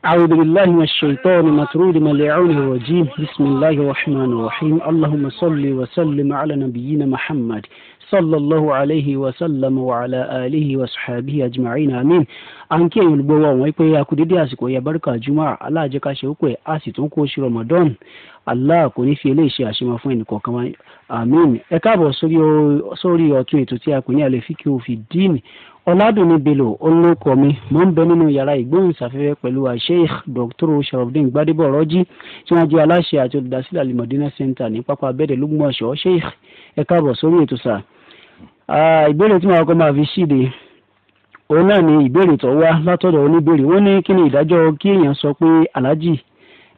أعوذ بالله من الشيطان مطرود ملعون الرجيم بسم الله الرحمن الرحيم اللهم صل وسلم على نبينا محمد صلى الله عليه وسلم وعلى آله وصحبه أجمعين آمين àǹkí ẹ̀yin olùgbọ́wọ́ àwọn wípé a kú dédé àsìkò ẹ̀yà báríkà jùmọ̀ aláàjẹká ṣe wípé a sì tún kó oṣù Ramadan Allah kò ní fi eléyìí ṣe àṣemọ fún ẹnìkọ̀ọ̀kan wa àmín ẹ káàbọ̀ sórí ọ̀tún ètò tí a kò ní àlẹ́ fíkì òfin díìnì ọ̀làdùnní bello olóko mi mò ń bẹ nínú yàrá ìgbóhùnsáfẹ́fẹ́ pẹ̀lú sheikh dr sharafdin gbadebo ọ̀rọ́jì tí wọ́n jẹ́ aláṣẹ àti olùdásílẹ̀ alimọ̀dínà center ní pápá abẹ́dẹ̀ lógúnmọ̀ṣọ́ sheikh ẹ káàbọ̀ sórí ètò sà. ìbéèrè tí màá kọ́ máa fi ṣíde òun náà ni ìbéèrè tó wá látọ̀dọ̀ oníbèrè wọ́n ní kí ni ìdájọ́ kí èèyàn sọ pé aláàjì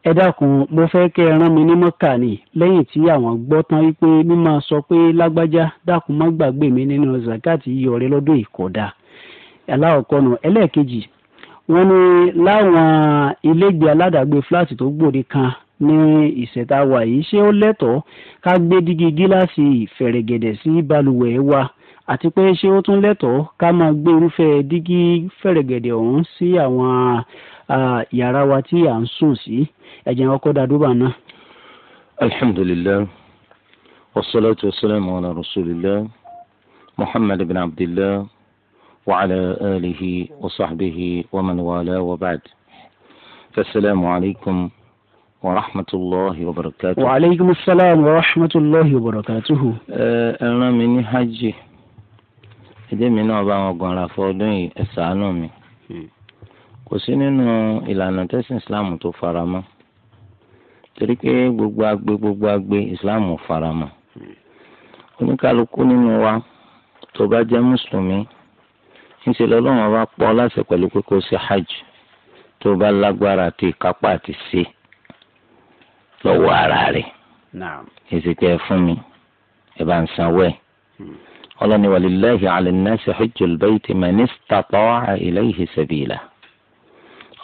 ẹ dákun mo fẹ́ kẹ́ ẹ rán mi ní mọ́kà ni lẹ́yìn tí àwọn gbọ́ tán wípé mímọ́ sọ pé lágbájá dákun má gbàgbé mi nínú zakat yíyọ rẹ lọ́dún ìkọ̀dá aláwọ̀kọ́nù ẹlẹ́ẹ̀kejì wọ́n ní láwọn ilégbèé aládàgbé fúláàtì tó gbòde kan ní ìṣẹ̀ta wa yìí ṣé ó lẹ́tọ̀ọ́ ká gbé dígí gíláàsì fẹ̀rẹ̀gẹ̀dẹ̀ sí balùwẹ̀ wa àti pé ṣé ó tún lẹ́tọ̀ọ́ ká máa gbé irúfẹ́ dígí fẹ̀rẹ̀gẹ̀dẹ̀ ọ̀hún sí àwọn yàrá wa tí à ń sùn sí ẹ̀jẹ̀ ọkọ̀ dàdúbà náà. alhamdulilayi wasalaatu wasalaamu ala rasulillah muhammad bin abdillah. وعلى آله وصحبه ومن والاه وبعد فالسلام عليكم ورحمة الله وبركاته وعليكم السلام ورحمة الله وبركاته أنا من حجي èdè mi náà bá wọn gbọ́nra fọdún yìí ẹ ṣàánú mi hmm. kò sí nínú ìlànà tẹ́sán islam tó fara mọ́ torí pé gbogbo agbe gbogbo agbe islam ò fara mọ́ hmm. oníkálukú nínú wa tó bá jẹ́ mùsùlùmí ńṣe lọ́lọ́run ọba pọ̀ láṣẹ pẹ̀lú pé kó ṣe hajj tó bá lágbára àti ìkápá àti ṣe lọ́wọ́ ara rẹ̀ èsì pé ẹ fún mi ẹ bá ń sanwó ẹ̀ hmm. ọlọ́ni walillahi ala nnasi hajjul bayti man istata'a ilayhi sabila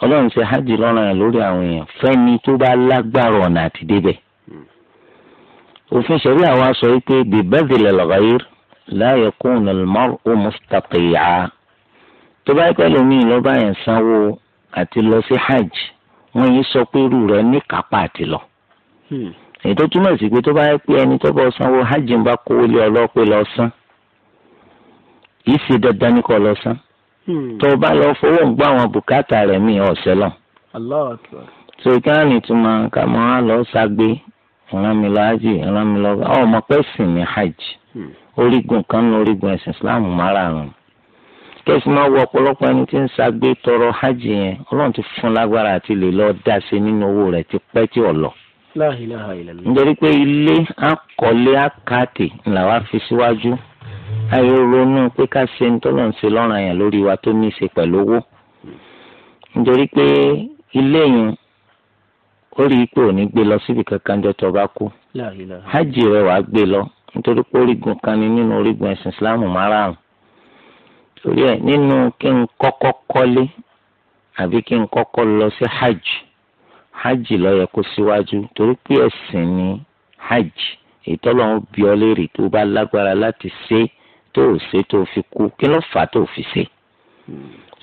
ọlọ́run ṣe hajj lọ́rùn ẹ̀ lórí àwọn èèyàn fẹ́ni tó bá lágbára ọ̀nà àti débẹ̀ hmm. òfin ṣẹ̀rí àwọn aṣọ yìí pé bíbẹ́ẹ̀dì tó bá pẹ́ lómi ìlọ́ba yẹn sanwó àti lọ sí hajj wọ́n yìí sọ pé irú rẹ̀ ní kápá àti lọ. Hmm. èyí tó túmọ̀ sí pé tó bá pẹ́ ẹni tó bá sanwó hajj ń bá kówó lé ọlọ́pẹ́ lọ san yìí ṣe dandan ní kó lọ san hmm. tó bá lọ fowó ń gbọ́ àwọn bùkátà rẹ̀ mi ọ̀sẹ̀ lọ. so kí á nìtumọ̀ ká mọ́ á lọ ságbé ìran mi lọ hajj ìran mi lọ ọmọ pẹ́sìn ní hajj hmm. orígun kan ní orígun ẹ̀sìn Islam márààrún. kẹ́sì máa wọ ọ̀pọ̀lọpọ̀ ẹni tí ń ṣagbe tọrọ hajj yẹn ọlọ́run ti fún lágbára àti lè lọ́ọ́ dá sí nínú owó rẹ ti pẹ́ tí ò lọ. nítorí pé ilé akọ̀lé akáàtì làwa fi síwájú ayé ronú pé ká ṣe ń tọ́lọ̀ ń ṣe lọ́rùn àyàn lórí wa tó ní í ṣe pẹ̀lú owó. nítorí pé ilé yẹn ó rí i pé ò ní gbé lọ síbi kankan jọ tó bá kú hajj rẹ̀ wàá gbé lọ nítorí pé orígun kan ni nínú orígun ẹ̀sìn Islam márààrún torí ẹ nínú kí n kọ́kọ́ kọ́lé àbí kí n kọ́kọ́ lọ sí hajj hajj ló yẹ kó síwájú torí pé ẹ̀sìn ni hajj ìtọ́lọ́run bí ọ léèrè tó bá lágbára láti ṣe tó o ṣe tó o fi kú kí ló fà á tó o fi ṣe.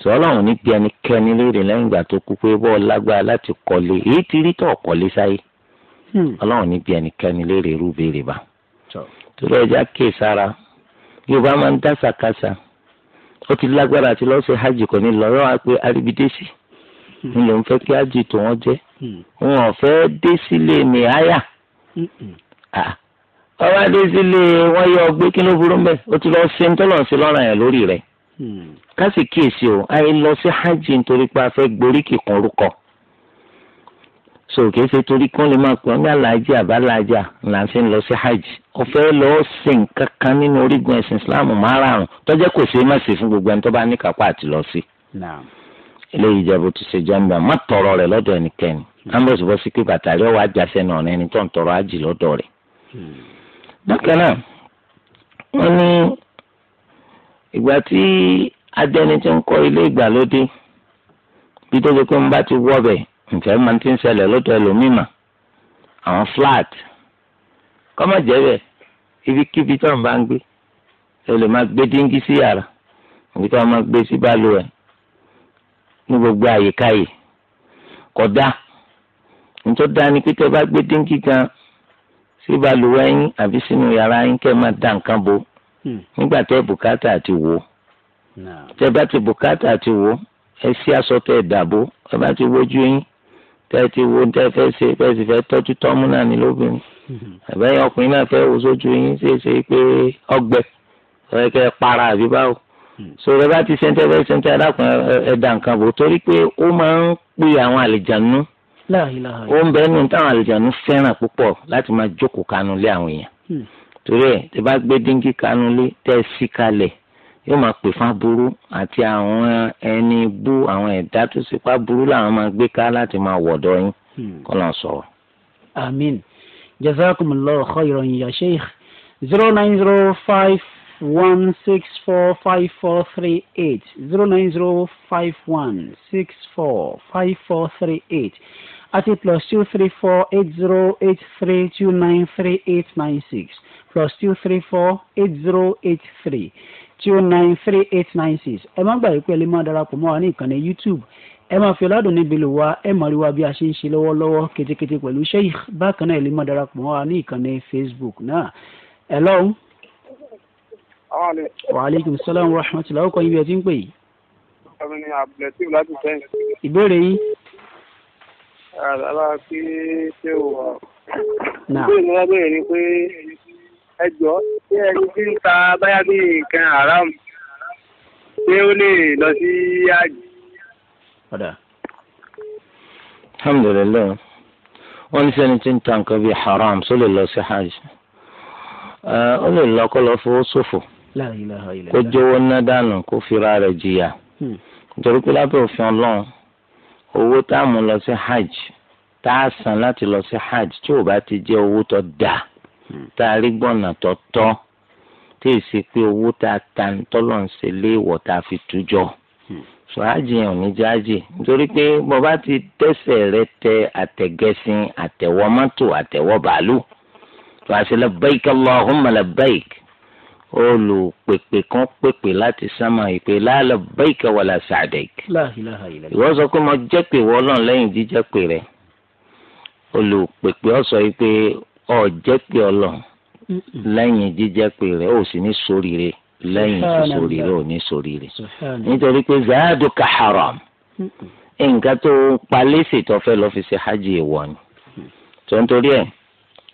sọlọ́run ní bí ẹnikẹ́ni léèrè lẹ́yìn ìgbà tó kú pé bọ́ọ̀ lágbára láti kọ́lé èyí ti rí tọ̀ kọ́lé sáyé. Hmm. ọlọ́run ní bí ẹnikẹ́ni léèrè irú béèrè bá. torí ẹja kéè sára yorùbá máa ń dá sàkásà ó ti lágbára àti lọ́sẹ̀ hajj kò ní lọ́rọ́ wa pé arìbídèsì hmm. ni lòun fẹ́ kí hajj tó wọ́n jẹ́ wọn hmm. ò fẹ́ dé sílé nìháyà ọba hmm. dé sílé wọn yọ ọgbẹ́ kí ló burú mbẹ́ ó ti lọ ṣe ń tọ́lọ̀ sí lọ́ràn yẹn lórí rẹ̀ ká sì kíyèsí o àyè lọ sí hajj nítorí pé a fẹ́ gborí kíkan orúkọ so kese ṣe torí kán lè máa pè ọ́ ní aláàjì àbáláàjà là ń fi lọ sí hajj ọ̀fẹ́ lọ́ọ́ sí nǹkan kan nínú orígun ẹ̀sìn islam márààrún tọ́jẹ́ kò ṣe é má ṣe fún gbogbo ẹni tó bá ní kápá àti lọ sí. eléyìí jẹ́ bó ti ṣe jẹ́mbà má tọrọ rẹ̀ lọ́dọ̀ ẹnikẹ́ni ambrose hmm. bọ́ sí pé bàtà rẹ̀ wà já sẹ́nu ọ̀nà ẹni tó ń tọrọ ájì lọ́dọ̀ rẹ̀. Hmm. bákan náà wọ́n ní ìgbà tí adẹni ti ń kọ́ ilé ìgbàlódé ǹjẹ́ máa ti ń ṣẹlẹ̀ lọ́dọ̀ ẹlòmímà àwọn flat kọ́mọ̀ jẹ́bẹ̀ ibikíbi tó ń bá ń gbé ẹ lè máa gbé díngí sí yàrá òbí tó máa gbé sí bálùwẹ̀ ní gbogbo àyíká yìí kódà nítorí dáa ni pé tẹ́ bá gbé díngí gan sí bálùwẹ̀ yín àbí sínú yàrá yín kẹ́ máa dá nǹkan bo hmm. nígbà tẹ́ bùkátà ti wò tẹ́ bá ti bùkátà ti wò ẹ sí aṣọ tẹ́ dàbò ẹ bá ti wojú yín tẹ́ ti wo tẹ́ fẹ́ ṣe tẹ́ sì fẹ́ tọ́jú tọ́mú náà ní lóbìnrin àbẹ́yìn ọkùnrin náà fẹ́ wo sójú yín ṣe é ṣe pé ọgbẹ́ ẹ para àbí báwo sọ̀rọ̀ bá ti ṣe ń tẹ́ fẹ́ ṣe ń tẹ́ adákùn ẹ̀dá nǹkan bò torí pé ó máa ń pè àwọn àlejànú ó ń bẹ́ẹ̀ nù táwọn àlejànú fẹ́ràn púpọ̀ láti máa jókòó kanú àwọn èèyàn hmm. torí ẹ̀ tẹ́ bá gbé díngí kanú lé tẹ́ sí kalẹ̀ yóò máa pè fún aburú àti àwọn ẹni bú àwọn ẹ̀dá tó sì pa burú làwọn máa gbé ká láti máa wọ̀dọ̀ yín hmm. kọ́ náà sọ̀rọ̀. amin jazakumullahu khairan ya sheikh zero nine zero five one six four five four three eight zero nine zero five one six four five four three eight àti plus two three four eight zero eight three two nine three eight nine six plus two three four eight zero eight three two nine three eight nine six ẹ má gbàgbé pé ẹ lè máa darapọ̀ mọ́ wa ní ìkànnì youtube ẹ máa fi ọ̀làdùn níbi lò wá ẹ máa rí wa bí a ṣe ń ṣe lọ́wọ́lọ́wọ́ ketekete pẹ̀lú sheikh bákan náà ẹ lè máa darapọ̀ mọ́ wa ní ìkànnì facebook náà ẹ lọ́hùn. wa salaam wa rahmatulah ọkọ yín bí ẹ ti ń pè yìí. ìbéèrè yín. àlàlà kí ṣé o wà. ìbéèrè mi wá bẹ̀rẹ̀ ni pé ẹ jọ ṣé ẹni tí ń ta báyà bí nǹkan haram ṣé ó lè lọ sí àjì. ọ̀dà alhamdulilayi wọ́n ní sẹ́ni tí ń ta nǹkan bíi haram ṣó lè lọ sí hajj eh, ó lè lọ kó lọ fowó ṣòfò kó jówó ná dànù kó fira rẹ̀ jìyà hmm. nítorí pé lábẹ́ òfin ọlọ́run owó tá a mú lọ sí hajj tá a san láti lọ sí hajj tí ò bá ti jẹ́ owó tó dáa tá a rí gbọ́nà tọ́tọ́ tí ì ṣe pé owó tá a ta tọ́lọ̀ ń ṣe léèwọ̀ tá a fi tú jọ hmm. sọ àjìyàn ní jáàjì nítorí pé bọba ti tẹsẹ̀ rẹ tẹ àtẹ̀gẹ́sìn àtẹ̀wọ́ mọ́tò àtẹ̀wọ́ bàálù tó a ṣe labbaik Allahumma labbaik olùpèpè kan pèpè láti sámà ìpè la labbaik wala sa'daik ìwọ sọ pé mo jẹ́ pé wọ́n lọ́n lẹ́yìn jíjẹ́ pé rẹ̀ olùpèpè ọ̀sọ́ yìí pé ọ jẹ́ pé ọlọ́run lẹ́yìn jíjẹ́ pé rẹ̀ ó sì ní sóríire lẹ́yìn tí sóríire ò ní sóríire nítorí pé zaaduka haram nǹkan tó palẹ́sì tó fẹ́ lọ́ọ́ fi ṣe hajj ìwọ ni tó ń torí ẹ̀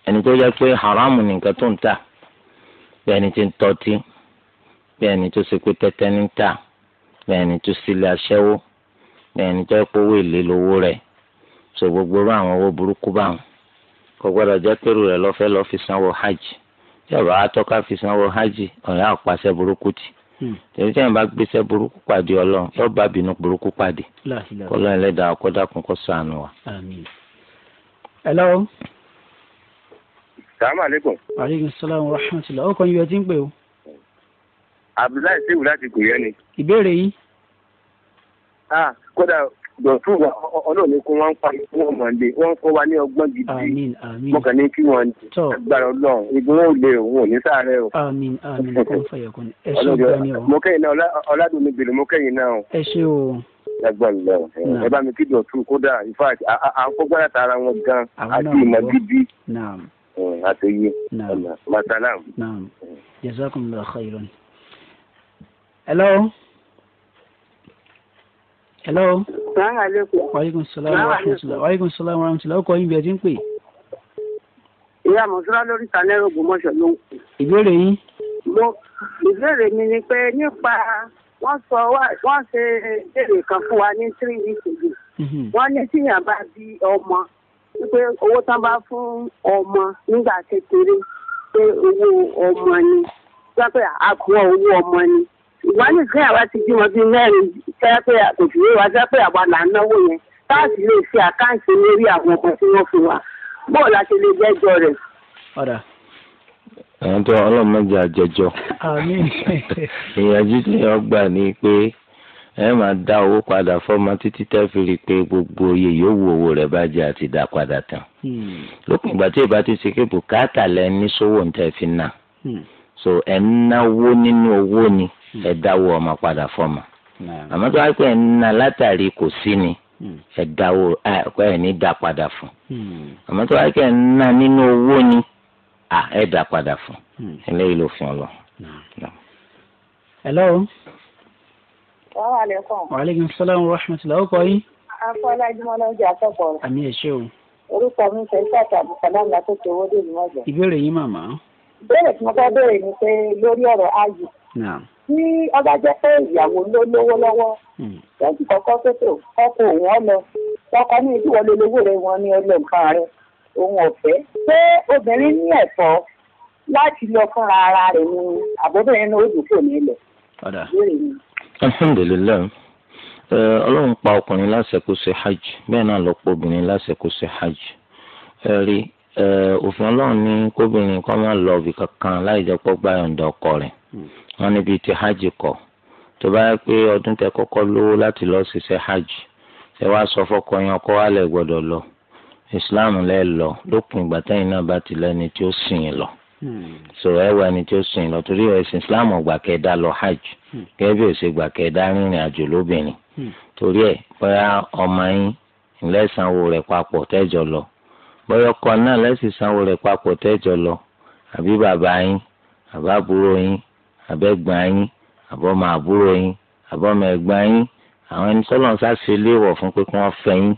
ẹni tó jẹ́ pé haram ni nǹkan tó ń tà bí ẹni tí ń tọ́tí bí ẹni tó ṣe pé tẹ́tẹ́ ní tà bí ẹni tó sílẹ̀ aṣẹ́wó bí ẹni tó ẹ̀ pé owó èlé lówó rẹ̀ so gbogbo irú àwọn owó burúkú báwọn kò gbọ́dọ̀ jẹ́ pẹ̀lú rẹ̀ lọ́fẹ́ lọ́ọ́ fi sanwó hajj tí ọba atọ́ka fi sanwó hajj ọ̀yà àpàṣẹ burúkú ti hmm. tẹ̀lé tí wọn bá gbéṣẹ́ burúkú pàdé ọlọ́run yóò bá bínú burúkú pàdé kọ́lọ́run ẹlẹ́dàá ọ̀kọ́dàkùn kó ṣàánú wa. hello. salaam aleykum. aleykum salaam wa rahmatulah ọkọ yìí ẹ ti ń pè o. abdullahi sehu láti kò yẹn ni. ìbéèrè yìí. ah kódà dọ̀tún wa ọlọ́run ní kó wọ́n ń pa ikú ọmọ ilé wọ́n ń kọ́ wa ní ọgbọ́n gidi mọ̀kàn ní kí wọ́n gbàrọ̀ lọ́n igun ó lè òun ò ní sáré o. àmín àmín kò fẹyẹ kò ní. ẹ ṣe gbani o. mo kẹ́yìn náà ọ̀làdùnmí bèrè mo kẹ́yìn náà o. ẹ ṣe o. ẹgbọ́n lọ ẹ bá mi kí dọ̀tún kódà in fact à ń kọ́ gbára tara wọn gan àti ìmọ̀ gidi àti iye masalam. jazakumullahu khairan. hello hello. waaleykum salaam wa rahmatulah waaleykum salaam wa rahmatulah ọkọ yín bí ẹ ti ń pè. ìyá mọ̀sára lórí sanẹ́rù ògbómọ̀ṣọ́ ló ń pè. ìbéèrè yín. mo ìbéèrè mi ni pé nípa wọ́n sọ wọ́n ṣe ìbéèrè kan fún wa ní three weeks ago. Mm-hmm. wọ́n ní tíyàn bá bí ọmọ wípé owó tán bá fún ọmọ nígbà kékeré pé owó ọmọ ni wọ́n pé àkọ́ owó ọmọ ni ìwádìí kí àwa ti bímọ bíi mẹ́rin tẹ́ pé kò sí wa tẹ́ pé àwa là ń náwó yẹn táàsì lè ṣe àkáǹtì lórí àwọn ọkọ̀ tí wọ́n fún wa bóò la ṣe lè jẹ́jọ́ rẹ̀. ọ̀dà. àwọn tó ọlọ́run mẹ́jọ àjẹjọ́ ìyànjú tí wọ́n gbà ni pé ẹ máa dá owó padà fọ́mọ títí tẹ́ fi rí i pé gbogbo iye yòówù owó rẹ̀ bá àti dá padà tán. Hmm. lópin ìgbà tí ìbá ti ṣe pé bùkátà lẹ́ni sówó ń tẹ́ fi nà hmm. so ẹ̀ ń náwó nínú owó ni. Hmm. ẹ dáwó ọmọ padà fọmọ àmọ́ tó na látàrí kò sí ni hmm. ẹ dáwó ẹ̀ ní dá padà fún hmm. na nínú owó ni ẹ dá padà fún hmm. eléyìí ló ọlọ. hàn lọ. hello. wàhálà wa rahmatulah àmì o. orúkọ mi owó ìbéèrè yín màmá. ìbéèrè tí mo fẹ́ ni pé lórí ọ̀rọ̀ tí ọba jẹ́ pé ìyàwó ló lówó lọ́wọ́ lẹ́yìn hmm. kọ́kọ́ sókè ọkọ òun ọlọ ọkọ ní ìdíwọ́ lè lówó rẹ wọn ní ọlọ nǹkan rẹ òun ọ̀fẹ́ pé obìnrin ní ẹ̀tọ́ láti lọ fúnra ara rẹ ní àbóbìnrin ní ojú kò ní lọ. alhamdulilayi ọlọ́run pa ọkùnrin láṣẹ kó ṣe hajj bẹ́ẹ̀ náà lọ pa obìnrin láṣẹ kó ṣe hajj ẹ rí òfin ọlọ́run ní kóbìnrin kọ́ máa lọ ibì kankan láì jẹ́ pọ́ gbáyọ̀ǹda ọkọ rẹ̀ Hmm. wọn níbi tí hajj kọ tó bá yẹ pé ọdún tẹ kọ́kọ́ lówó láti lọ ṣiṣẹ́ hajj ẹ wá sọ fọ́kọ yẹn ọkọ wa lẹ gbọdọ lọ islam lẹ lọ lópin ìgbà tẹ̀yin náà bá ti lẹni tí ó sìn yín lọ hmm. Sọ ẹ wọ ẹni tí ó sìn lọ torí ẹ̀sìn islam ọgbà kẹdà lọ hajj hmm. gẹ́gẹ́ bí òsè gbà kẹdà rìnrìn àjò lóbìnrin torí ẹ bóyá ọmọ yín lẹ́sànwó rẹ papọ̀ tẹ́jọ lọ bóyá ọkọ náà lẹ́sìn sanwó rẹ̀ papọ̀ tẹ́jọ lọ àbí bàbá yín àbá àbúrò yín àbẹ́gbọ́n yín àbọ́mọ àbúrò yín àbọ́mọ ẹ̀gbọ́n yín àwọn ẹni sọ́lọ́n sáṣe léèwọ̀ fún pé kí wọ́n fẹ́ yín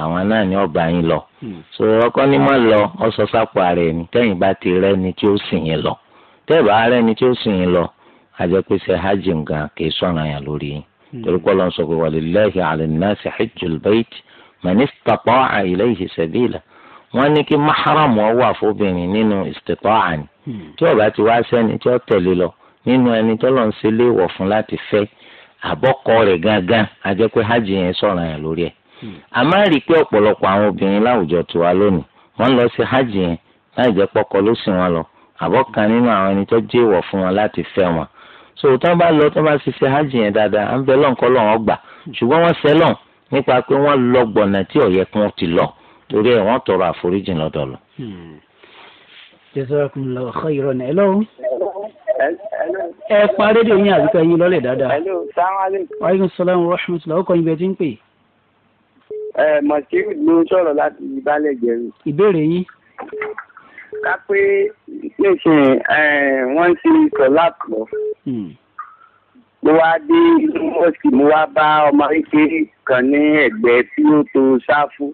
àwọn náà ni ọba yín lọ. Hmm. so ọkọ ni má lọ ọsọ sápò ara ẹni tẹ́yìn bá ti rẹ́ni tí ó sìn yín lọ tẹ́ẹ̀bà rẹ́ni tí ó sìn yín lọ àjẹpẹ́sẹ̀ hajj nǹkan kì í sọ̀ràn yàn lórí yín hmm. torí kọ́ ló ń sọ pé walillahi ala nnasi hajjul bayt man istata'a ilayhi sabila wọ́n ní kí mahram wà fóbìnrin nínú istita'a ni hmm. tí ọba ti wá sẹ́ni tí ó tẹ̀lé lọ nínú ẹni tọ́lọ̀ ń ṣe léèwọ̀ fún láti fẹ́ àbọ̀kọ rẹ̀ gángan a jẹ́ pé hajj yẹn sọ̀rọ̀ yẹn lórí ẹ̀. Hmm. a máa rí i pé ọ̀pọ̀lọpọ̀ àwọn obìnrin láwùjọ tó wa lónìí wọ́n lọ sí hajj yẹn láì jẹ́ pọ́kọ ló sìn wọn lọ àbọ̀kan nínú àwọn ẹni tó jẹ́ èèwọ̀ fún wọn láti fẹ́ wọn. so tó bá lọ tó bá sì ṣe hajj yẹn dáadáa à ń bẹ lọ́nkọ́ lọ́wọ́ gbà ṣùgbọ́n wọ́n ṣẹ́ lọ́n nípa pé wọ́n lọ gbọ̀nà tí ọ̀yẹ́ kún ti lọ torí ẹ̀ wọ́n tọrọ àforíjìn lọ́dọ̀ lọ. jẹ́sọ́ ọkùnrin lọ ẹ pa rédíò yín àbíkọ yín lọ́lẹ̀ dáadáa. hello salaam aleykum. aleykum salaam wa rahmatulah ọkọ ibẹ tí ń pè. ẹ mọ̀síwù ló ń sọ̀rọ̀ láti ìbálẹ̀ jẹ̀rù. ìbéèrè yín. ká pé nísìn wọ́n ti sọ lápò. mo wá dé inú mọ́ọ̀sì mo wá bá ọmọ kékeré kan ní ẹ̀gbẹ́ tí ó to ṣáfù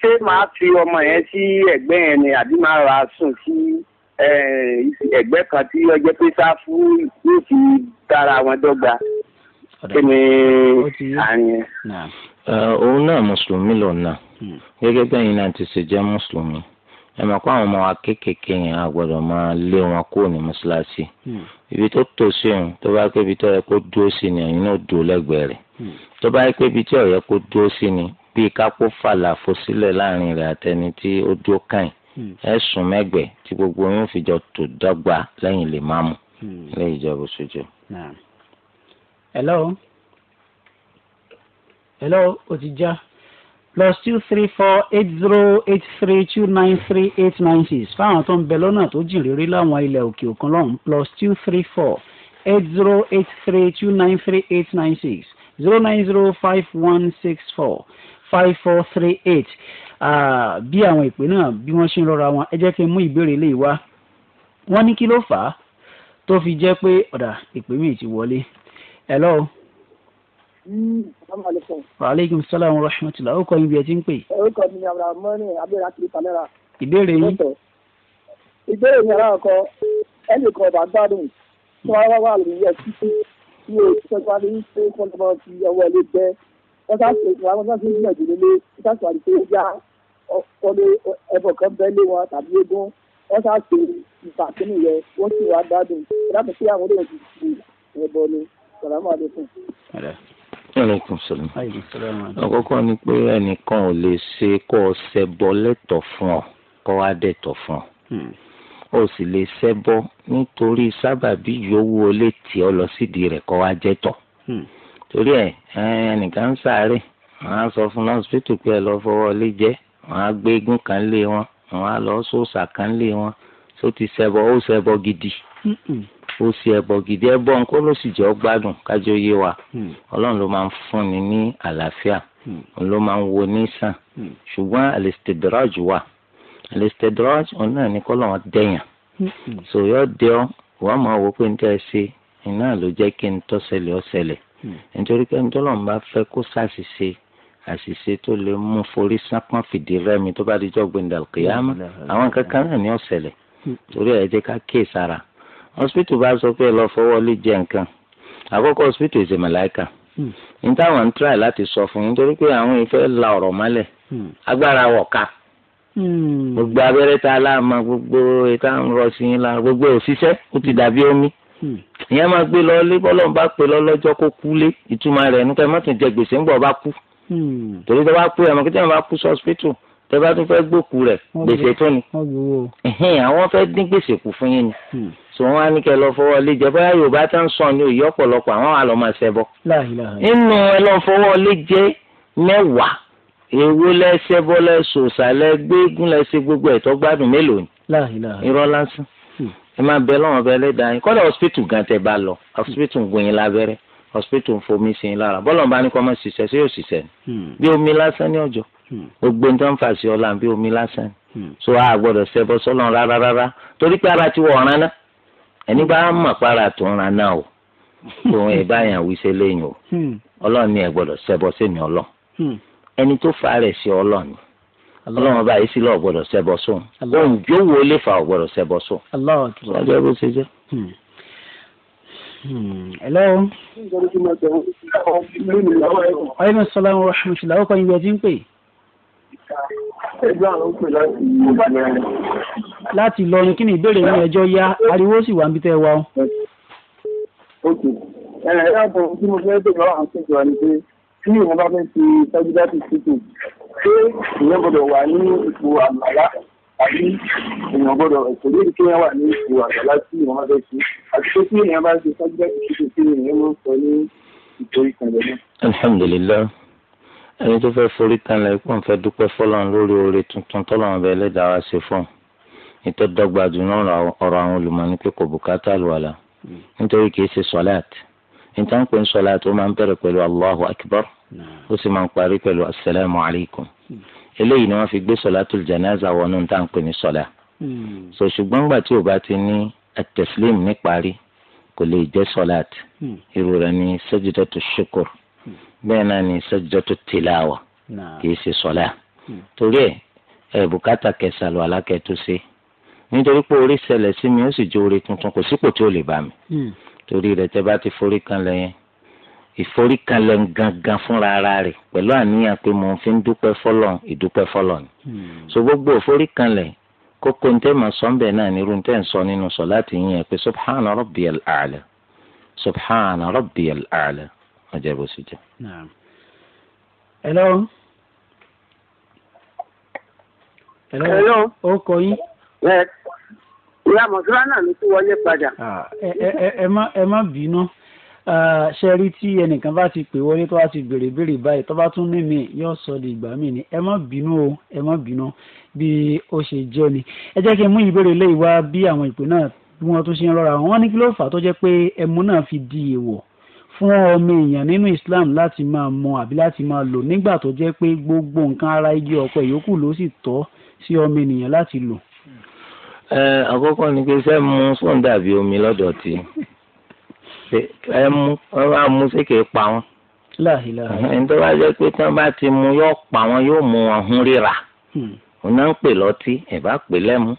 ṣé màá fi ọmọ yẹn sí ẹ̀gbẹ́ yẹn ni àbí màá ra sùn sí ẹgbẹ́ kan tí ọjọ́ pé sáfù yóò fi dára wọn dọ́gba kí ni àárín yẹn. òun náà mùsùlùmí lọ́nà hmm. gẹ́gẹ́ bẹ́yìn náà ti ṣe jẹ́ mùsùlùmí ẹ mọ̀ pé àwọn ọmọ wa kéékèèké yẹn a gbọ́dọ̀ máa lé wọn kúrò ní mọ́ṣáláṣí hmm. ibi tó tò sí òun tó bá pé ibi tó yẹ kó dúró sí ni ẹ̀yin náà dúró lẹ́gbẹ̀ẹ́ rẹ̀ hmm. tó bá pé ibi tí ó kó dúró sí ni bíi kápó fàlàfo sílẹ̀ láàrin rẹ̀ àtẹni tí ó dúró kàn ẹ sùn mẹ́gbẹ̀ẹ́ tí gbogbo yín fi jọ tò dọ́gba lẹ́yìn lè máa mú hmm. lẹ́yìn ìjọba sojú. hello hello o ti já plus two three four eight zero eight three two nine three eight nine six fáwọn tó ń bẹ lọ́nà tó jìn rírí láwọn ilẹ̀ òkè òkun lọ́hùn plus two three four eight zero eight three two nine three eight nine six zero nine zero five one six four five four three eight bí àwọn ìpè náà bí wọ́n ṣe ń rọra wọn ẹ jẹ́ kí n mú ìbéèrè lè wá wọ́n ní kí ló fà á tó fi jẹ́ pé ọ̀dà ìpè mi ti wọlé hello. Mm, waaleykum salaam wa rahmatulah ó kọ́ yín bí ẹ ti ń pè. orúkọ mi ni abdulhamani abdulrakiri kamara. ìbéèrè yín. ìbéèrè mi ara ọkọ ẹnì kan ọba gbádùn tí wọn wá wà lórí ẹ títí tí o ti sọ pé wọn ní pé kọ́ńtàmọ́ ti ọwọ́ ẹ ló jẹ́ kọ́sá ṣe ìwà kọ́sá ṣe ìgbìyànjú lélẹ̀ kọ́sá ṣe àdìsí ìjà ọ̀kọ́lé ẹ̀fọ́ kan bẹ́ẹ̀ lé wọn tàbí eégún kọ́sá ṣe ìfà kínní rẹ wọ́n sì wá gbádùn láti fi àwọn olóyè ti di ẹ̀bọ ni sàlámù alẹ́kùn. aleykum salaam àkọ́kọ́ ni pé ẹnìkan ò lè ṣe kó o ṣẹbọ lẹ́tọ̀ fún ọ kó wá dẹ̀tọ̀ fún ọ o sì lè ṣẹbọ nítorí sábàbí yòówù ó lè tì ọ lọ sídìí rẹ̀ kó wá jẹ́tọ̀. Hmm torí ẹ ẹnìkan ń sáré wọn á sọ fún lọ́sítítù pé ẹ lọ fọwọ́ lé jẹ́ wọn á gbé eégún kan lé wọn wọn á lọ sóòsà kan lé wọn tó ti ṣẹbọ ó ṣẹbọ gidi ó sì ẹbọ gidi ẹbọ nǹkan ló sì jẹ́ ọgbádùn kájọ yé wa mm. ọlọ́run ló máa ń fúnni ní àlàáfíà mm. òun ló máa ń wo ní sàn alistedraj mm. wà alistedraj òun náà ní kọ́ lọ́wọ́ dẹ̀yàn sòyọ́ dẹ́ ọ wọ́n máa wò pé níta ẹ ṣe iná ló jẹ́ kí n tọ́ ṣẹlẹ̀ ọ ṣẹlẹ̀ Hmm. nítorí pé ntọ́lọ̀ ń bá fẹ́ kó ṣàṣìṣe àṣìṣe tó lè mú forí sápọ́n fìdí rẹ́mi tó bá dijọ́ gbẹ̀ndàkìyàmá àwọn kankan náà ní ó ṣẹlẹ̀ hmm. torí ẹ̀ jẹ́ ká kíyè sára hospital bá sọ pé lọ fọwọ́ lè jẹ nǹkan àkọ́kọ́ hospital ìṣe màláìka hmm. ní táwọn ń tíráì láti sọ fún un nítorí pé àwọn ìfẹ́ la ọ̀rọ̀ mọ́lẹ̀ agbára wọ̀ ká gbogbo abẹ́rẹ́ tá a gbogbo ìta ń rọ sí i la gbogbo òṣìṣẹ́ ó ti dàbí omi Hmm. ìyẹn máa gbé lọ lé bọ́lọ́ bá pè lọ lọ́jọ́ kó kú lé ìtumọ̀ rẹ̀ nípa má tún jẹ gbèsè ńgbọ̀ bá kú hmm. torí tó bá kú ẹ̀ mọ̀ kí tẹ́wọ̀n bá kú sọ́spítù tẹ́ bá tún fẹ́ gbòkú rẹ̀ gbèsè tó ni àwọn fẹ́ dín gbèsè kù fún yín ni hmm. sọ wọn á ní kẹ lọ fọwọ́ lé jẹ bóyá Yorùbá tá ń sọ ní òye ọ̀pọ̀lọpọ̀ àwọn àlọ́ máa ṣẹ bọ́ nínú ẹ lọ fọwọ́ lé jẹ mẹ́wàá èwo lẹ́sẹ̀ bọ́ lẹ́sọ̀ sàlẹ̀ lẹ́sẹ̀ gbogbo ẹ̀tọ́ gbádùn mélòó ni irọ́ lásán ẹ máa bẹ lọ́wọ́ bẹ lẹ́dàá yín kọ́dà hospital gan tẹ bá lọ hospital ń gbóyin lábẹ́rẹ́ hospital ń fomi sí i lára bọ́lọ̀ bá ní kọ́ máa ṣiṣẹ́ sí yóò ṣiṣẹ́ ni hmm. bí omi lásán ní ọjọ́ hmm. gbogbo ń fà sí ọ̀la bí omi lásán ni hmm. so a gbọ́dọ̀ ṣẹbọ sọ́lọ́n rárá rárá torí pé ara ti wọ̀ ọ̀ràn náà ẹni bá mọ̀ para tó ń ra náà o òun ẹ̀ báyà wí sí eléyìí o ọlọ́run ni ẹ gbọ́dọ̀ ṣẹbọ sí mi ọlọ́ ẹni tó ọlọ́run ọba yìí sí lọ́ọ̀ gbọ́dọ̀ ṣẹbọ sóun ohun yòówó lè fa ọ̀gbọ́dọ̀ ṣẹbọ sóun. ọjọ́ bó ṣe jẹ́. hello. aleykum salaam wa rahmatulah ọkọ ìwé ẹtí ń pè. láti Ìlọrin kí ni ìbéèrè ní ẹjọ́ yá ariwo sì wà níbi tẹ́ ẹ wá o. ẹ ẹ yàtọ̀ tí mo fẹ́ bèèrè àwọn àṣejọ ni pé kí ìwọ̀n bá fẹ́ fi tọ́jú dá sí pé èèyàn gbọ́dọ̀ wà ní ipò àgbàlá àbí èèyàn gbọ́dọ̀ ẹ̀sẹ̀ lórí kí wọ́n wà ní ipò àgbàlá tí èèyàn máa fẹ́ ṣe àti pé tí èèyàn bá ṣe sájúdá ìṣèṣe tí èèyàn máa ń sọ ní ìtò ìkànnì náà. alhamdulilayi ẹni tó fẹ́ forí kanlẹ̀ ipò ń fẹ́ dúpẹ́ fọlọ́run lórí oore tuntun tọ́lọ́run bẹ́ẹ̀ lẹ́dàá wá ṣe fún un ìtọ́dọ́gba jù náà ọ̀rọ̀ àwọn olùmọ̀ ní pé kò bùkátà lù wàlà nítorí kì í ṣe sọ́láàtì níta ń pè ń sọlá tó máa ń bẹ̀rẹ̀ pẹ̀lú allahu akbar ó sì máa ń parí pẹ̀lú asalaamu alaykum eléyìí ni wọ́n fi gbé sọlátul janaza wọnú níta ń pè ní sọlá. Hmm. sọ ṣùgbọ́n gbà tí o bá ti ní atẹ̀sílẹ̀mù ní parí kò lè jẹ́ sọlát hmm. irú rẹ̀ ní sẹ́júdọ́tò ṣukur hmm. bẹ́ẹ̀ náà ní sẹ́júdọ́tò tìláwà kìí ṣe sọlá. torí ẹ ẹ bùkátà kẹsàlù alákẹ́tù sí nítorí pé orí ṣẹlẹ̀ sí mi ó sì jó orí tuntun kò sípò tí ó lè bá mi torí rẹ̀ tẹ́ bá ti forí kanlẹ̀ yẹn ìforíkalẹ̀ gangan fúnra ara rẹ̀ pẹ̀lú àníyàn pé mo fi ń dúpẹ́ fọlọ́n ìdúpẹ́ fọlọ́n ni. Hmm. so gbogbo ìforíkalẹ̀ kókó ń tẹ́ mọ̀ sọ́nbẹ̀ náà ní irú ń tẹ́ ń sọ nínú sọ láti yín yẹn pé subhana rabbiyal a'la subhana rabbiyal a'la ọjọ́ bó sì jẹ́. hello. hello. hello. yín ìyá mọ̀sùlá náà ló tún wọlé padà. ẹ má bínú ṣe rí tí ẹnìkan bá ti pè wọlé tó bá ti béèrè béèrè báyìí tó bá tún ní mi yóò sọ di ìgbà mi ni ẹ má bínú o ẹ má bínú bí ó ṣe jẹ́ ni ẹ jẹ́ kí n mú ìbéèrè léyìí wá bí àwọn ìpè náà bí wọ́n tún ṣe ń rọra wọn ní kí ló fà á tó jẹ́ pé ẹmu náà fi di èèwọ̀ fún ọmọ èèyàn nínú islam láti máa mọ àbí láti máa lò nígbà tó jẹ́ pé gbogbo nǹkan ara igi ọ̀pẹ yòókù ló sì tọ́ sí ọmọ ènìyàn láti lò ẹ àkọ́kọ́ ni pé sẹ́ mu fóun dàbí omi lọ́dọ̀ tí ẹ mú wọ́n bá mú sékè pa wọ́n. ẹni tó bá jẹ́ pé tí wọ́n bá ti mu yóò pa wọ́n yóò mú wọn hún ríra. Hmm. òun náà ń pè lọ́tí ẹ̀ pè lẹ́mu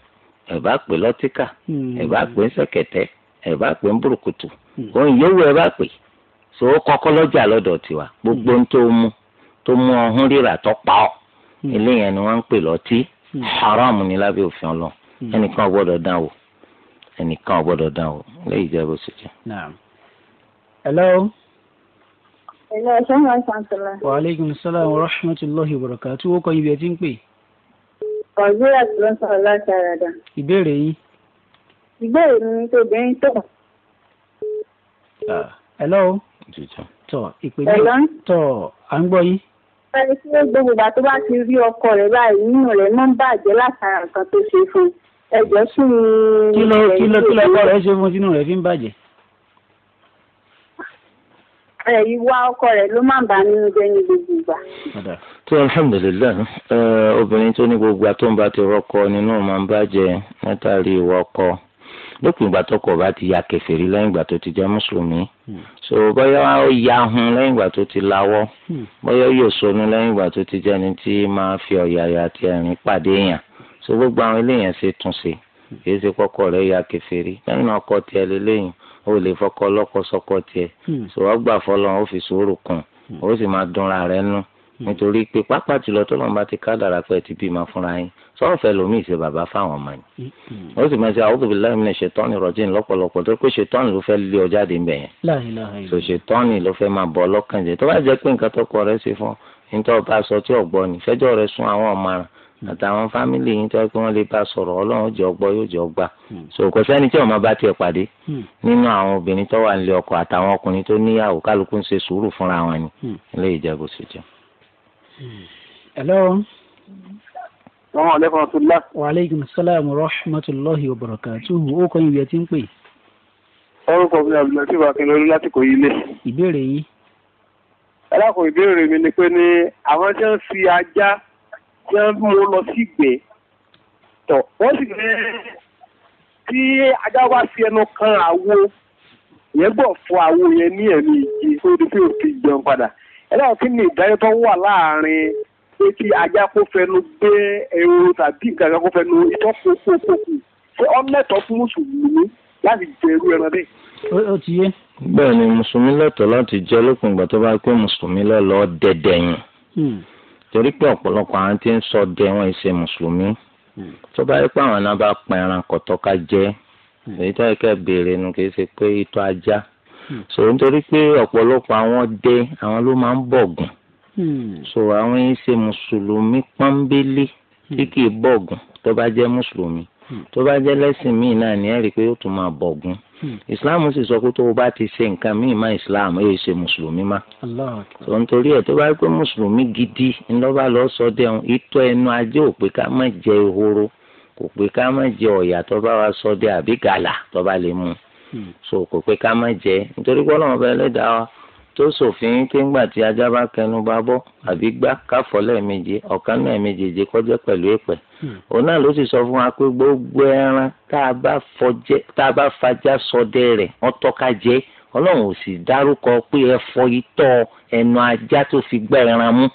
ẹ̀ pè lọ́tíkà hmm. ẹ̀ pè sẹ̀kẹ̀tẹ̀ ẹ̀ pè burúkutu hmm. òun yòówù ẹ̀ bá pè so ó kọ́kọ́ lọ́jà lọ́dọ̀ tiwa gbogbo ń tó mu tó mú ọ̀hún ríra tó pa ọ́ eléyẹn ni wọ́n ń pè lọ́tí haram ni lábẹ́ òfin ọlọ́run Hmm. ẹnìkan ò gbọ́dọ̀ dán wò ẹnìkan ò gbọ́dọ̀ dán wò lẹ́yìn ìjẹ́ bó ṣe jẹ́. hello. hello ṣẹ́yìn ọ̀sán sọ̀rọ̀. wa aleykum salaam wa rahmatulahi wa barakatuh wọ́n kọ́ ibi ẹ ti ń pè. ọ̀gbẹ́rẹ́ àti ló ń sọ̀rọ̀ láti àràdà. ìbéèrè yín. ìbéèrè mi tó obìnrin tó. Ah, hello. tọ ìpèjọ tọ à ń gbọ́ yín ẹni tí ó gbogbo ìgbà tó bá ti rí ọkọ rẹ̀ báyìí nínú rẹ̀ máa ń bàjẹ́ látara nǹkan tó ṣe fún un ẹ̀jẹ̀ sùn. kí ló kí ló kí ló ọkọ rẹ ṣe fún sínú rẹ fi ń bàjẹ́. ẹ ìwà ọkọ rẹ ló máa ń bá nínú jẹ́ ní gbogbo ìgbà. tó alhamdulilayi obìnrin tó ní gbogbo àtúnbà ti rọkọ nínú máa ń bàjẹ́ látàrí ìwà ọkọ lópin ìgbà tọkọ bá ti ya kèfèrí lẹ́yìn ìgbà tó ti jẹ́ mùsùlùmí hmm. so bóyá ó ya hun lẹ́yìn ìgbà tó ti lawọ́ hmm. bóyá yóò sọnù lẹ́yìn ìgbà tó ti jẹ́ ẹni tí máa fi ọ̀yàyà àti ẹ̀rín pàdé èèyàn so gbogbo àwọn eléyàn ṣe tún ṣe kìí ṣe kọkọ rẹ ya kẹfẹẹrí lẹ́yìn náà kọ tiẹ̀ lélẹyìn ó lè fọkọ lọkọ sọkọ tiẹ̀ hmm. so ọgbà fọlọ ó fi sòrò kùn hmm. ó sì máa dunra rẹ nù hmm. nítorí pé pápá jùlọ tó lọ́nba ti ká dàrá pé ti bímọ fúnra yín sọ́ọ̀fẹ́ lomi ìṣe bàbá fáwọn ọmọ yìí ó sì máa ṣe a'udhu billahi minash shaitani rajim lọ́pọ̀lọpọ̀ tó pé ṣètọ́nì ló fẹ́ lé ọ jáde ńbẹ̀ yẹn so ṣètọ́nì ló fẹ́ máa bọ̀ ọlọ́kàn jẹ tó bá jẹ́ pé nǹkan tó kọ rẹ ṣe fún ní tó bá sọ tí ọ̀gbọ́n ní fẹ́jọ́ rẹ sún àwọn ọ̀maràn Hmm. àtàwọn fámìlì yín tó kí wọ́n lè bá sọ̀rọ̀ ọlọ́run jọ gbọ́ yóò jọ gbà hmm. so kò sẹ́ni tí ọ̀ma bá tiẹ̀ pàdé hmm. nínú àwọn obìnrin tó wà nílé ọkọ àtàwọn ọkùnrin tó níyàwó kálukú ń ṣe sùúrù fúnra wọn ni ilé ìjẹ́bù sì jẹ́. hello. sọ́wọ́n aleykum salaam. wa aleykum salaam rahmatulahi wa barakatuhu ó kọ́ ibi ẹ ti ń pè. orúkọ mi àbúlé tí wàá kiri orí láti kò yí lé. ìbéèrè yìí. ẹ tí wọ́n mú lọ sí ìgbẹ́ tọ̀ wọ́n sì fẹ́ tí ajá wá fi ẹnu kan àwo yẹn gbọ́ fún àwo yẹn ní ẹ̀mí ìjì tó di pé òkè jẹun padà ẹlẹ́yìn kí ni ìdájọ́ tó wà láàrin pé kí ajá kó fẹnu gbé ehoro tàbí nǹkan kan kó fẹnu ìtọ́kùn kókókù ṣé ọ̀nẹ́tọ̀ fún mùsùlùmí láti jẹ irú ẹran bẹ́ẹ̀. ó ti yé. bẹ́ẹ̀ ni mùsùlùmí lẹ́tọ̀ọ́ láti jẹ́ lópin ìgbà tó bá pé mùsùlùmí lọ́ọ́ dẹ́dẹ̀ yẹn. Hmm torí pé ọ̀pọ̀lọpọ̀ àwọn tí ń sọ dẹ wọn ṣe mùsùlùmí hmm. tó bá yẹ pé àwọn náà bá pa ẹran kọ̀tọ́ ká jẹ́ hmm. èyí tó yẹ ká béèrè nu kì í ṣe pé itọ́ ajá hmm. so nítorí pé ọ̀pọ̀lọpọ̀ àwọn dẹ àwọn ló máa ń bọ̀gùn so àwọn yìí ṣe mùsùlùmí pọ́nbélé tí kì í bọ̀gùn tó bá jẹ́ mùsùlùmí tó bá jẹ́ lẹ́sìn míì náà ni ẹ pé ó tún máa bọ̀gùn Hmm. islam sì sọ pé tó o bá ti ṣe nǹkan míì má islam èyí ṣe mùsùlùmí má. tó ń torí ẹ̀ tó bá pé mùsùlùmí gidi ńlọ́ba lọ sọ dẹ́hùn ìtọ́ ẹnu ajé ò pé ká má jẹ ehoro kò pé ká má jẹ ọ̀yà tó bá wa sọ dé àbí gàlà tó bá lè mú hmm. so kò pé ká má jẹ nítorí pé ọlọ́run ọba ẹlẹ́dàá wa tó ṣòfin pé ńgbà tí ajá bá kẹnu bá bọ́ àbí gbá káfọ́ lẹ́ẹ̀mejì ọ̀kan náà méjèèjì kọjá pẹ̀lú èpẹ̀. Hmm. òun náà ló sì sọ fún wa pé gbogbo ẹran tá a bá fajá sọdẹ rẹ̀ wọ́n tọ́ka jẹ́ ọlọ́run ò sì dárúkọ pé ẹ fọ ẹnu ajá tó fi gbá ẹran mú.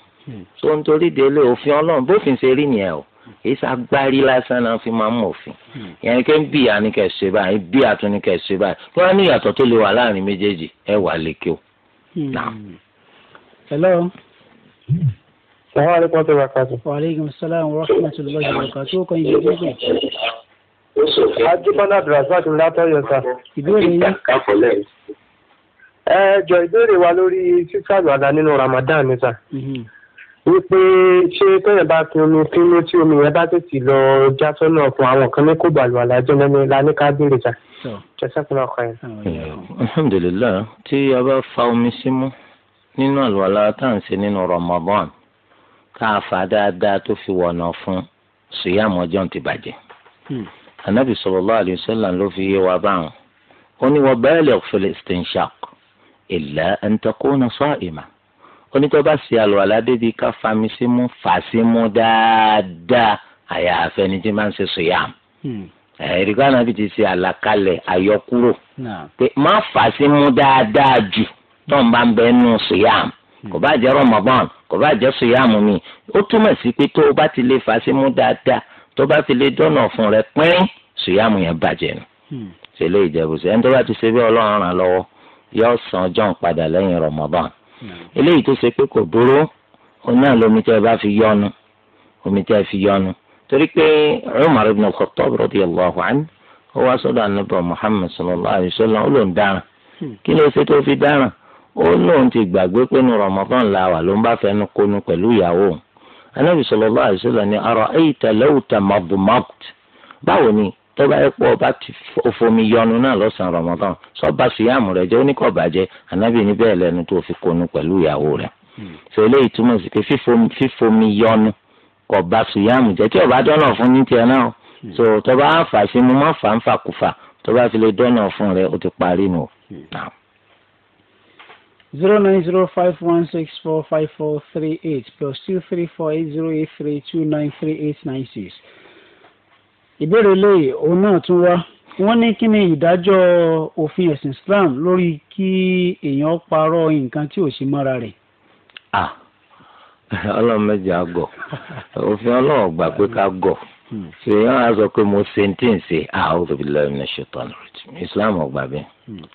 tó ń torí délé òfin ọlọ́run bófin ṣe rí nìyẹn o èyí sàgbárí lásán náà fi máa ń mọ òfin hmm. yẹn ni kẹ́ ń bí àníkẹ́ ṣe báyìí bí àtúnikẹ́ ṣe báyìí tó wá ní ìyàtọ̀ tó lè wà láàrin méjèèjì ẹ wà lékè o. Hmm. hello. Àwọn àríkọ́ tó ra kàtó. Wa alaikum salaam wa rahmatullahi wa barakatuh. Ó kọ́ ibi gígùn. Ajíbọ́lá Abdulrasaq látọ̀yọ̀ sá. Ìbéèrè yín. Ẹ jọ ìbéèrè wa lórí fífàlù àdá nínú Ramadan ní sá wípé ṣé tẹ́yẹ̀ bá fi omi sínú tí omi yẹn bá tètè lọ já sọ́nà fún àwọn kan ní kò bàlù àlàjọ lẹ́nu lánàá ká béèrè jà jẹ́sàkùnrin ọkọ yẹn. Hmm. alhamdulilayi tí a bá fa omi símú nínú àlùwàlá tá à ń ṣe nínú Ramadan ká a fà dáadáa tó fi wọ̀nà fún sùyàmù ọjọ́ ti bàjẹ́. anabi hmm. sallallahu alaihi wasallam ló fi yé wa báwọn ó ní wa baligh fil istinshaq illa an takuna sa'ima onítọ́ba sí àlùwàlá débi ká fami sí mú fà sí mú dáadáa àyà àfẹni tí máa ń ṣe sòyàm. Hmm. ẹ̀ríkà náà fi ti ṣe àlàkalẹ̀ àyọkúrò pé má fà sí mú dáadáa jù tó ń bá ń bẹ nù sòyàm hmm. kò bá jẹ́ Ramadan kò bá jẹ́ sòyàm mi ó túmọ̀ sí pé tó o bá ti lè fà mú dáadáa tó bá fi lè dọ́nà fún rẹ pín sòyàm yẹn bàjẹ́ nù. Hmm. ṣe lè jẹ́ bùsẹ̀ ẹni tó bá ti ṣe bí Ọlọ́run ràn lọ́wọ́ yóò san ọjọ́ ń Ramadan eléyìí tó ṣe pé kò dúró òun náà lomi tẹ́ ẹ bá fi yọnu omi tẹ́ ẹ fi yọnu torí pé Umar ibn al-Khattab radiyallahu anhu ó wá sọ́dọ̀ ànábì Muhammad sallallahu alayhi wa sallam ó lòún dáràn hmm. kí ló ṣe tó fi dáràn ó lóun ti gbàgbé pé nu Ramadan la wà ló ń bá fẹnu kónú pẹ̀lú ìyàwó ànábì sallallahu alayhi wa sallam ni ara'ayta law tamadmadt báwo ni tọ́ba ẹ̀pọ̀ ọba ti fomi yọnu náà lọ́sàn-án Ramadan sọ́ba síyàmù rẹ̀ jẹ́ oníkọ̀bàjẹ́ ànábì níbẹ̀ lẹ́nu tó fi konu pẹ̀lú ìyàwó rẹ̀ hmm. sọ eléyìí túmọ̀ sí pé fífomi yọnu kọ̀ba síyàmù jẹ́ tí ọba dọ́nà fún ní tiẹ̀ náà hmm. so tọ́ba àǹfà sí mu má fà ń fà kù fà tọ́ba fi lè dọ́nà fún rẹ̀ ó ti parí nù. Hmm. zero nine zero five one six four five four three eight plus two three four eight zero eight three two nine three eight nine six ìbéèrè lèyí òun náà tún wá wọ́n ní kí ni ìdájọ́ òfin ẹ̀sìn Islam lórí kí èèyàn parọ́ nǹkan tí ò sí mọ́ra rẹ̀. ọlọ́run méjì á gọ̀ òfin ọlọ́run gbà pé ká gọ̀ hmm. ṣèyàn á sọ pé mo ṣe ń tì ń ṣe a'udhu billahi minash shaitanir rajim Islam ọgbà bẹ́ẹ̀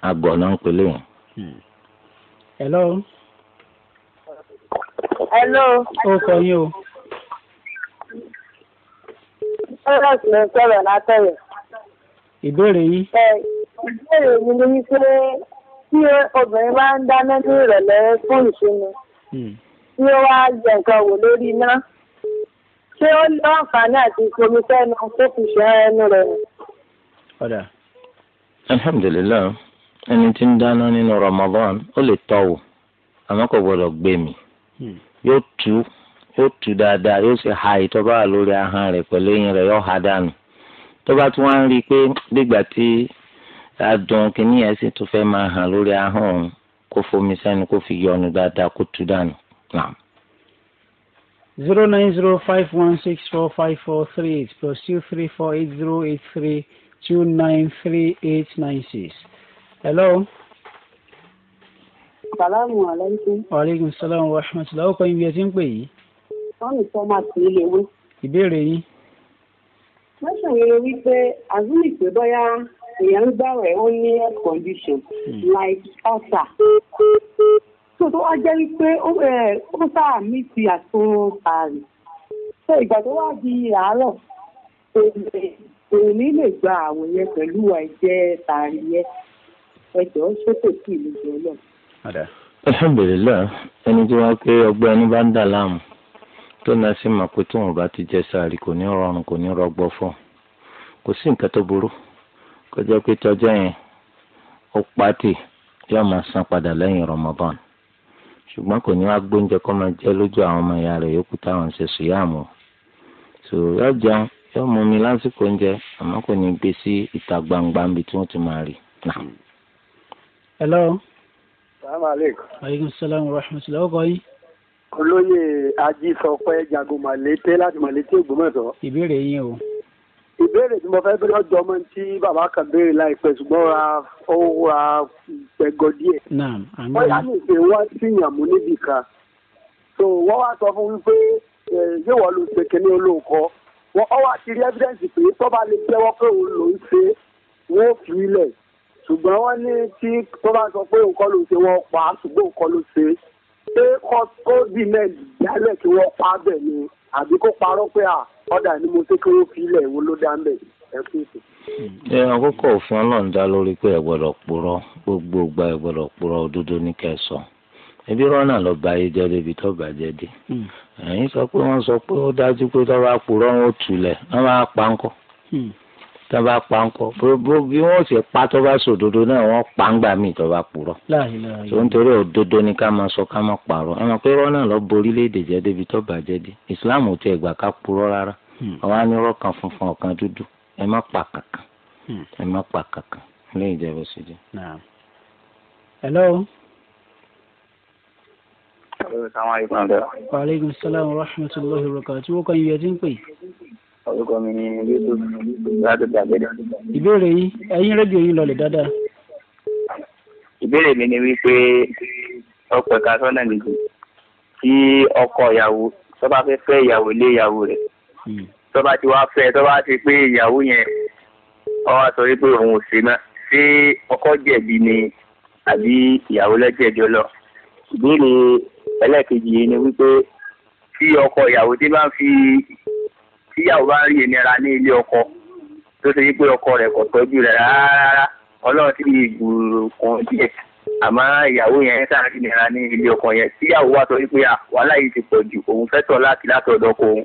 àgọ̀ hmm. náà ń pelé wọn. Hmm. hello. hello. ó kọ yín o. Alex ló ń sọ̀rọ̀ látọ̀yọ̀. Ìbéèrè yìí. Ìbéèrè mi ni wípé tí obìnrin bá ń dáná ní ìrọ̀lẹ́ fún ìsinmi hmm. tí ó wá jẹ nǹkan wò lórí iná ṣé ó ní àǹfààní àti ìpomi sẹ́nu tó fi ṣe ẹnu rẹ̀ nù. ọ̀dà. alhamdulilayi ẹni tí ń dáná nínú Ramadan ó lè tọ́wò àmọ́ kò gbọ́dọ̀ gbé mi hmm. yóò tú yóò tù dáadáa yóò sì ha ìtọ́ bá wà lórí ahọ́n rẹ̀ pẹ̀lú eyín rẹ̀ yóò ha dànù tó bá tún wá ń rí i pé nígbà tí adùn kìíní ẹ̀ sì tún fẹ́ máa hàn lórí ahọ́n òun kó fomi sẹ́nu kó fi yọnu dáadáa kó tù dànù. zero nine zero five one six four five four three eight plus two three four eight zero eight three two nine three eight nine six. hello. salaamaleykum. wa aleykum salaam wa rahmatulah. ó kọ́ ibi ẹ ti ń pè yìí. sọ́ọ̀nì fọ́màtì ìléwé. ìbéèrè yín. lọ́sàn yẹn ni wípé azumi pé bóyá èèyàn ń gbàwẹ̀ ó ní condition hmm. like tó tó wá jẹ́ wípé ó sáà ti ṣé ìgbà tó wá di àárọ̀ òní lè gba àwọ̀ yẹn pẹ̀lú ẹ̀jẹ̀ tààrí yẹn sí ìlú jẹ́ alhamdulilayi ẹni tí wọn pé bá tó náà sì mọ̀ pé tóun bá ti jẹ sààrì kò ní rọrùn kò ní rọgbọ fún kò sí nǹkan tó burú kọjá pé tọjọ́ yẹn ó pàtì yóò máa san padà lẹ́yìn Ramadan ṣùgbọ́n kò ní wá gbóúnjẹ kó máa jẹ lójú àwọn ọmọ ìyá rẹ̀ yòókù táwọn ń ṣe sùyàmù so yóò jẹun yóò mú mi lásìkò oúnjẹ àmọ́ kò ní gbé sí ìta gbangba níbi tí wọ́n ti máa rí. hello. salaamaleykum. aleykum salaam wa rahmatulah. ọkọ yìí olóyè ajísọpẹ́ jago màlété láti màlété ògbómọ̀tọ́. ìbéèrè yín o. ìbéèrè tí mo fẹ́ bí lọ́jọ́ ọmọ tí bàbá kan béèrè láìpẹ́ ṣùgbọ́n ra ó ra pẹ̀gọ́ díẹ̀. naam àmì. wọ́n yá ní ìpè wá sí ìyàmú níbì kan. so wọ́n wá sọ fún wípé yóò wọ́n lu ṣe kínní olóńkọ́. wọ́n ọ wá ti rí ẹ́fídẹ́ǹsì pé tọ́ba lè jẹ́wọ́ pé òun ló ń ṣe wọ́n fi ilẹ̀ ṣùgbọ́n wọ́n ní tí tọ́ba sọ pé òun kọ́ ló ṣe wọ́n pa ṣùgbọ́n òun kọ́ ló ṣe pé kó dìmẹ̀ jálẹ̀ kí wọ́n pa bẹ̀ ni àbí kó parọ́ pé à ọ̀dà ni mo ṣe kí wọ́n fi ilẹ̀ wo ló dá ń dá lórí pé ẹ gbogbo gba ẹ gbọ́dọ̀ purọ́ òdodo ní kẹsàn lọ bá yé tó hmm. sọ pé wọ́n sọ pé ó dájú pé bá purọ́ wọn tulẹ̀ wọ́n máa pa tó bá pa ń kọ bí wọn sì pa tó bá sòdodo náà wọn pa ń gbà mí tó bá purọ́ tó ń torí òdodo ni ká máa sọ ká máa pààrọ̀ ẹ mọ̀ pé wọn náà lọ borí léde jẹ débi tó bàjẹ́ dé islam ò tiẹ̀ gbà ká purọ́ rárá hmm. àwọn kan funfun ọ̀kan dúdú ẹ pa kankan hmm. ẹ pa kankan wa wa rahmatulahi wa orúkọ mi ni yusuf ládùúgbò gbàgede. ìbéèrè yìí ẹyin rédíò yìí lọlẹ dáadáa. ìbéèrè mi ni wípé ọkọ ẹka sọnà méjì tí ọkọ ìyàwó tọ́ba fẹ́ fẹ́ ìyàwó lé ìyàwó rẹ̀ hmm. tọ́ba ti wá fẹ́ tọ́ba ti pé ìyàwó yẹn ó wá sọ wípé òun ò ṣe mọ́ ṣé ọkọ jẹ̀bi ni àbí ìyàwó lọ́jẹ̀bi ọlọ ìbéèrè ẹlẹ́ẹ̀kejì yìí ni wípé tí ọkọ ìyàwó tí bá ń fi tíyàwó bá rí ìnira ní ilé ọkọ tó ṣe wípé ọkọ rẹ̀ kò tọ́jú rẹ̀ rárá ọlọ́run ti gbòòrò kan díẹ̀ àmọ́ ìyàwó yẹn sáà rí ìnira ní ilé ọkọ yẹn tíyàwó wá sọ wípé wàhálà yìí ti pọ̀ jù òun fẹ́ tọ̀ láti látọ̀dọ̀ ọkọ òun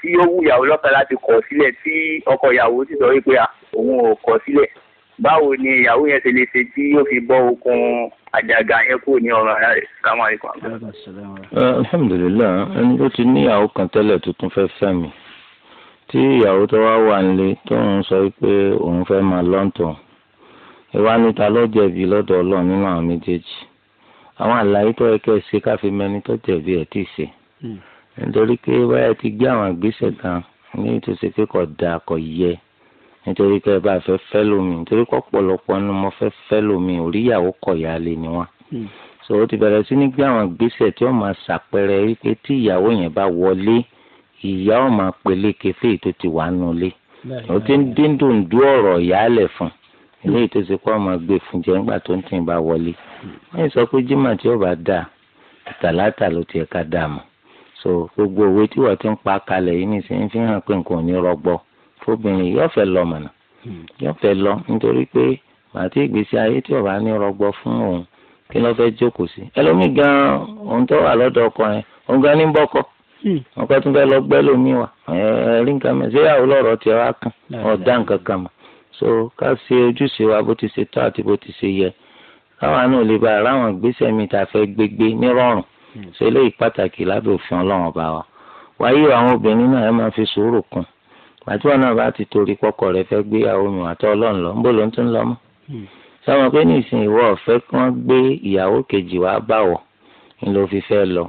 tí ó wù ìyàwó lọ́kàn láti kọ̀ sílẹ̀ tí ọkọ ìyàwó sì sọ wípé òun ò kọ̀ sílẹ̀ báwo ni ìyàwó yẹn ṣe lè ṣe tí yóò fi bọ́ okun àjàgà yẹn kúrò ní ọ̀rọ̀ ara rẹ̀ sáwọn àríkàn. alhamdulilayi ẹni tó ti níyàwó kan tẹ́lẹ̀ tuntun fẹ́ fẹ́ mi tí ìyàwó tó wá wà nílé tó ń sọ pé òun fẹ́ máa lọ́ǹtọ̀ ìwà níta ló jẹ̀bi lọ́dọ̀ ọlọ́run nínú àwọn méjèèjì àwọn àlàyé tó yẹ kẹ́ ẹ ṣe káfí mẹ́ni tó jẹ̀bi ẹ̀ tí ì ṣe hmm. nítorí pé báyà ti gbé àwọn ìgbésẹ̀ kan ní ìtòsí pé kò dáa kò yẹ nítorí pé ẹ bá fẹ́ fẹ́ lómi nítorí pé ọ̀pọ̀lọpọ̀ ni mo fẹ́ fẹ́ lómi òríyàwó kọ̀yà lé ni wọ́n hmm. so ó ti bẹ̀rẹ̀ sí ní gbé àwọn ìgbésẹ̀ tí ó máa ṣàpẹẹrẹ wípé tí ìyàwó yẹn bá wọlé ìyá ọmọ peléke fèyí tó ti wà nù o ti ń dín dòǹdó fún hmm. ilé ìtòsí ọmọ gbé fún jẹ́ nígbà tó ń wọlé hmm. sọ pé jimá tí ó bá dà tàlátà ló ti ẹ̀ka dà so gbogbo òwe tí ọ ti ń pa kalẹ̀ yìí nìsín fi hàn pé nǹkan ò ní rọgbọ fóbìnrin lọ hmm. yóò fẹ lọ nítorí pé màtí ìgbésí ayé tí bá ní rọgbọ fún òun kí ló fẹ́ jókòó sí ẹlòmíì gan ohun tó ọkọ yẹn wọn hmm. kọ́ tún fẹ́ lọ gbẹ́ lómi wa rí nǹkan mẹ́rin ṣé ìyàwó lọ́rọ̀ tiẹ̀ wá kàn ọ̀dà nǹkan kan mọ̀ so ká ṣe ojúṣe wa bó ti ṣe tọ́ àti bó ti ṣe yẹ káwa náà lè bá ara àwọn ìgbésẹ̀ mi ta fẹ́ gbégbé nírọ̀rùn ṣe hmm. eléyìí pàtàkì lábẹ́ òfin ọlọ́run ọba wa wáyé àwọn obìnrin náà ẹ máa fi sùúrù kún àti wọn náà bá ti torí kọkọ rẹ fẹ́ gbé ìyàwó mi wà tọ́ ọlọ́run lọ ń ló ń tún lọ mọ́ sọ hmm. wọn pé ní ìsìn ìwọ ọ̀fẹ́ kí wọ́n gbé ìyàwó kejì wá báwọ̀ ńlọ fífẹ́ lọ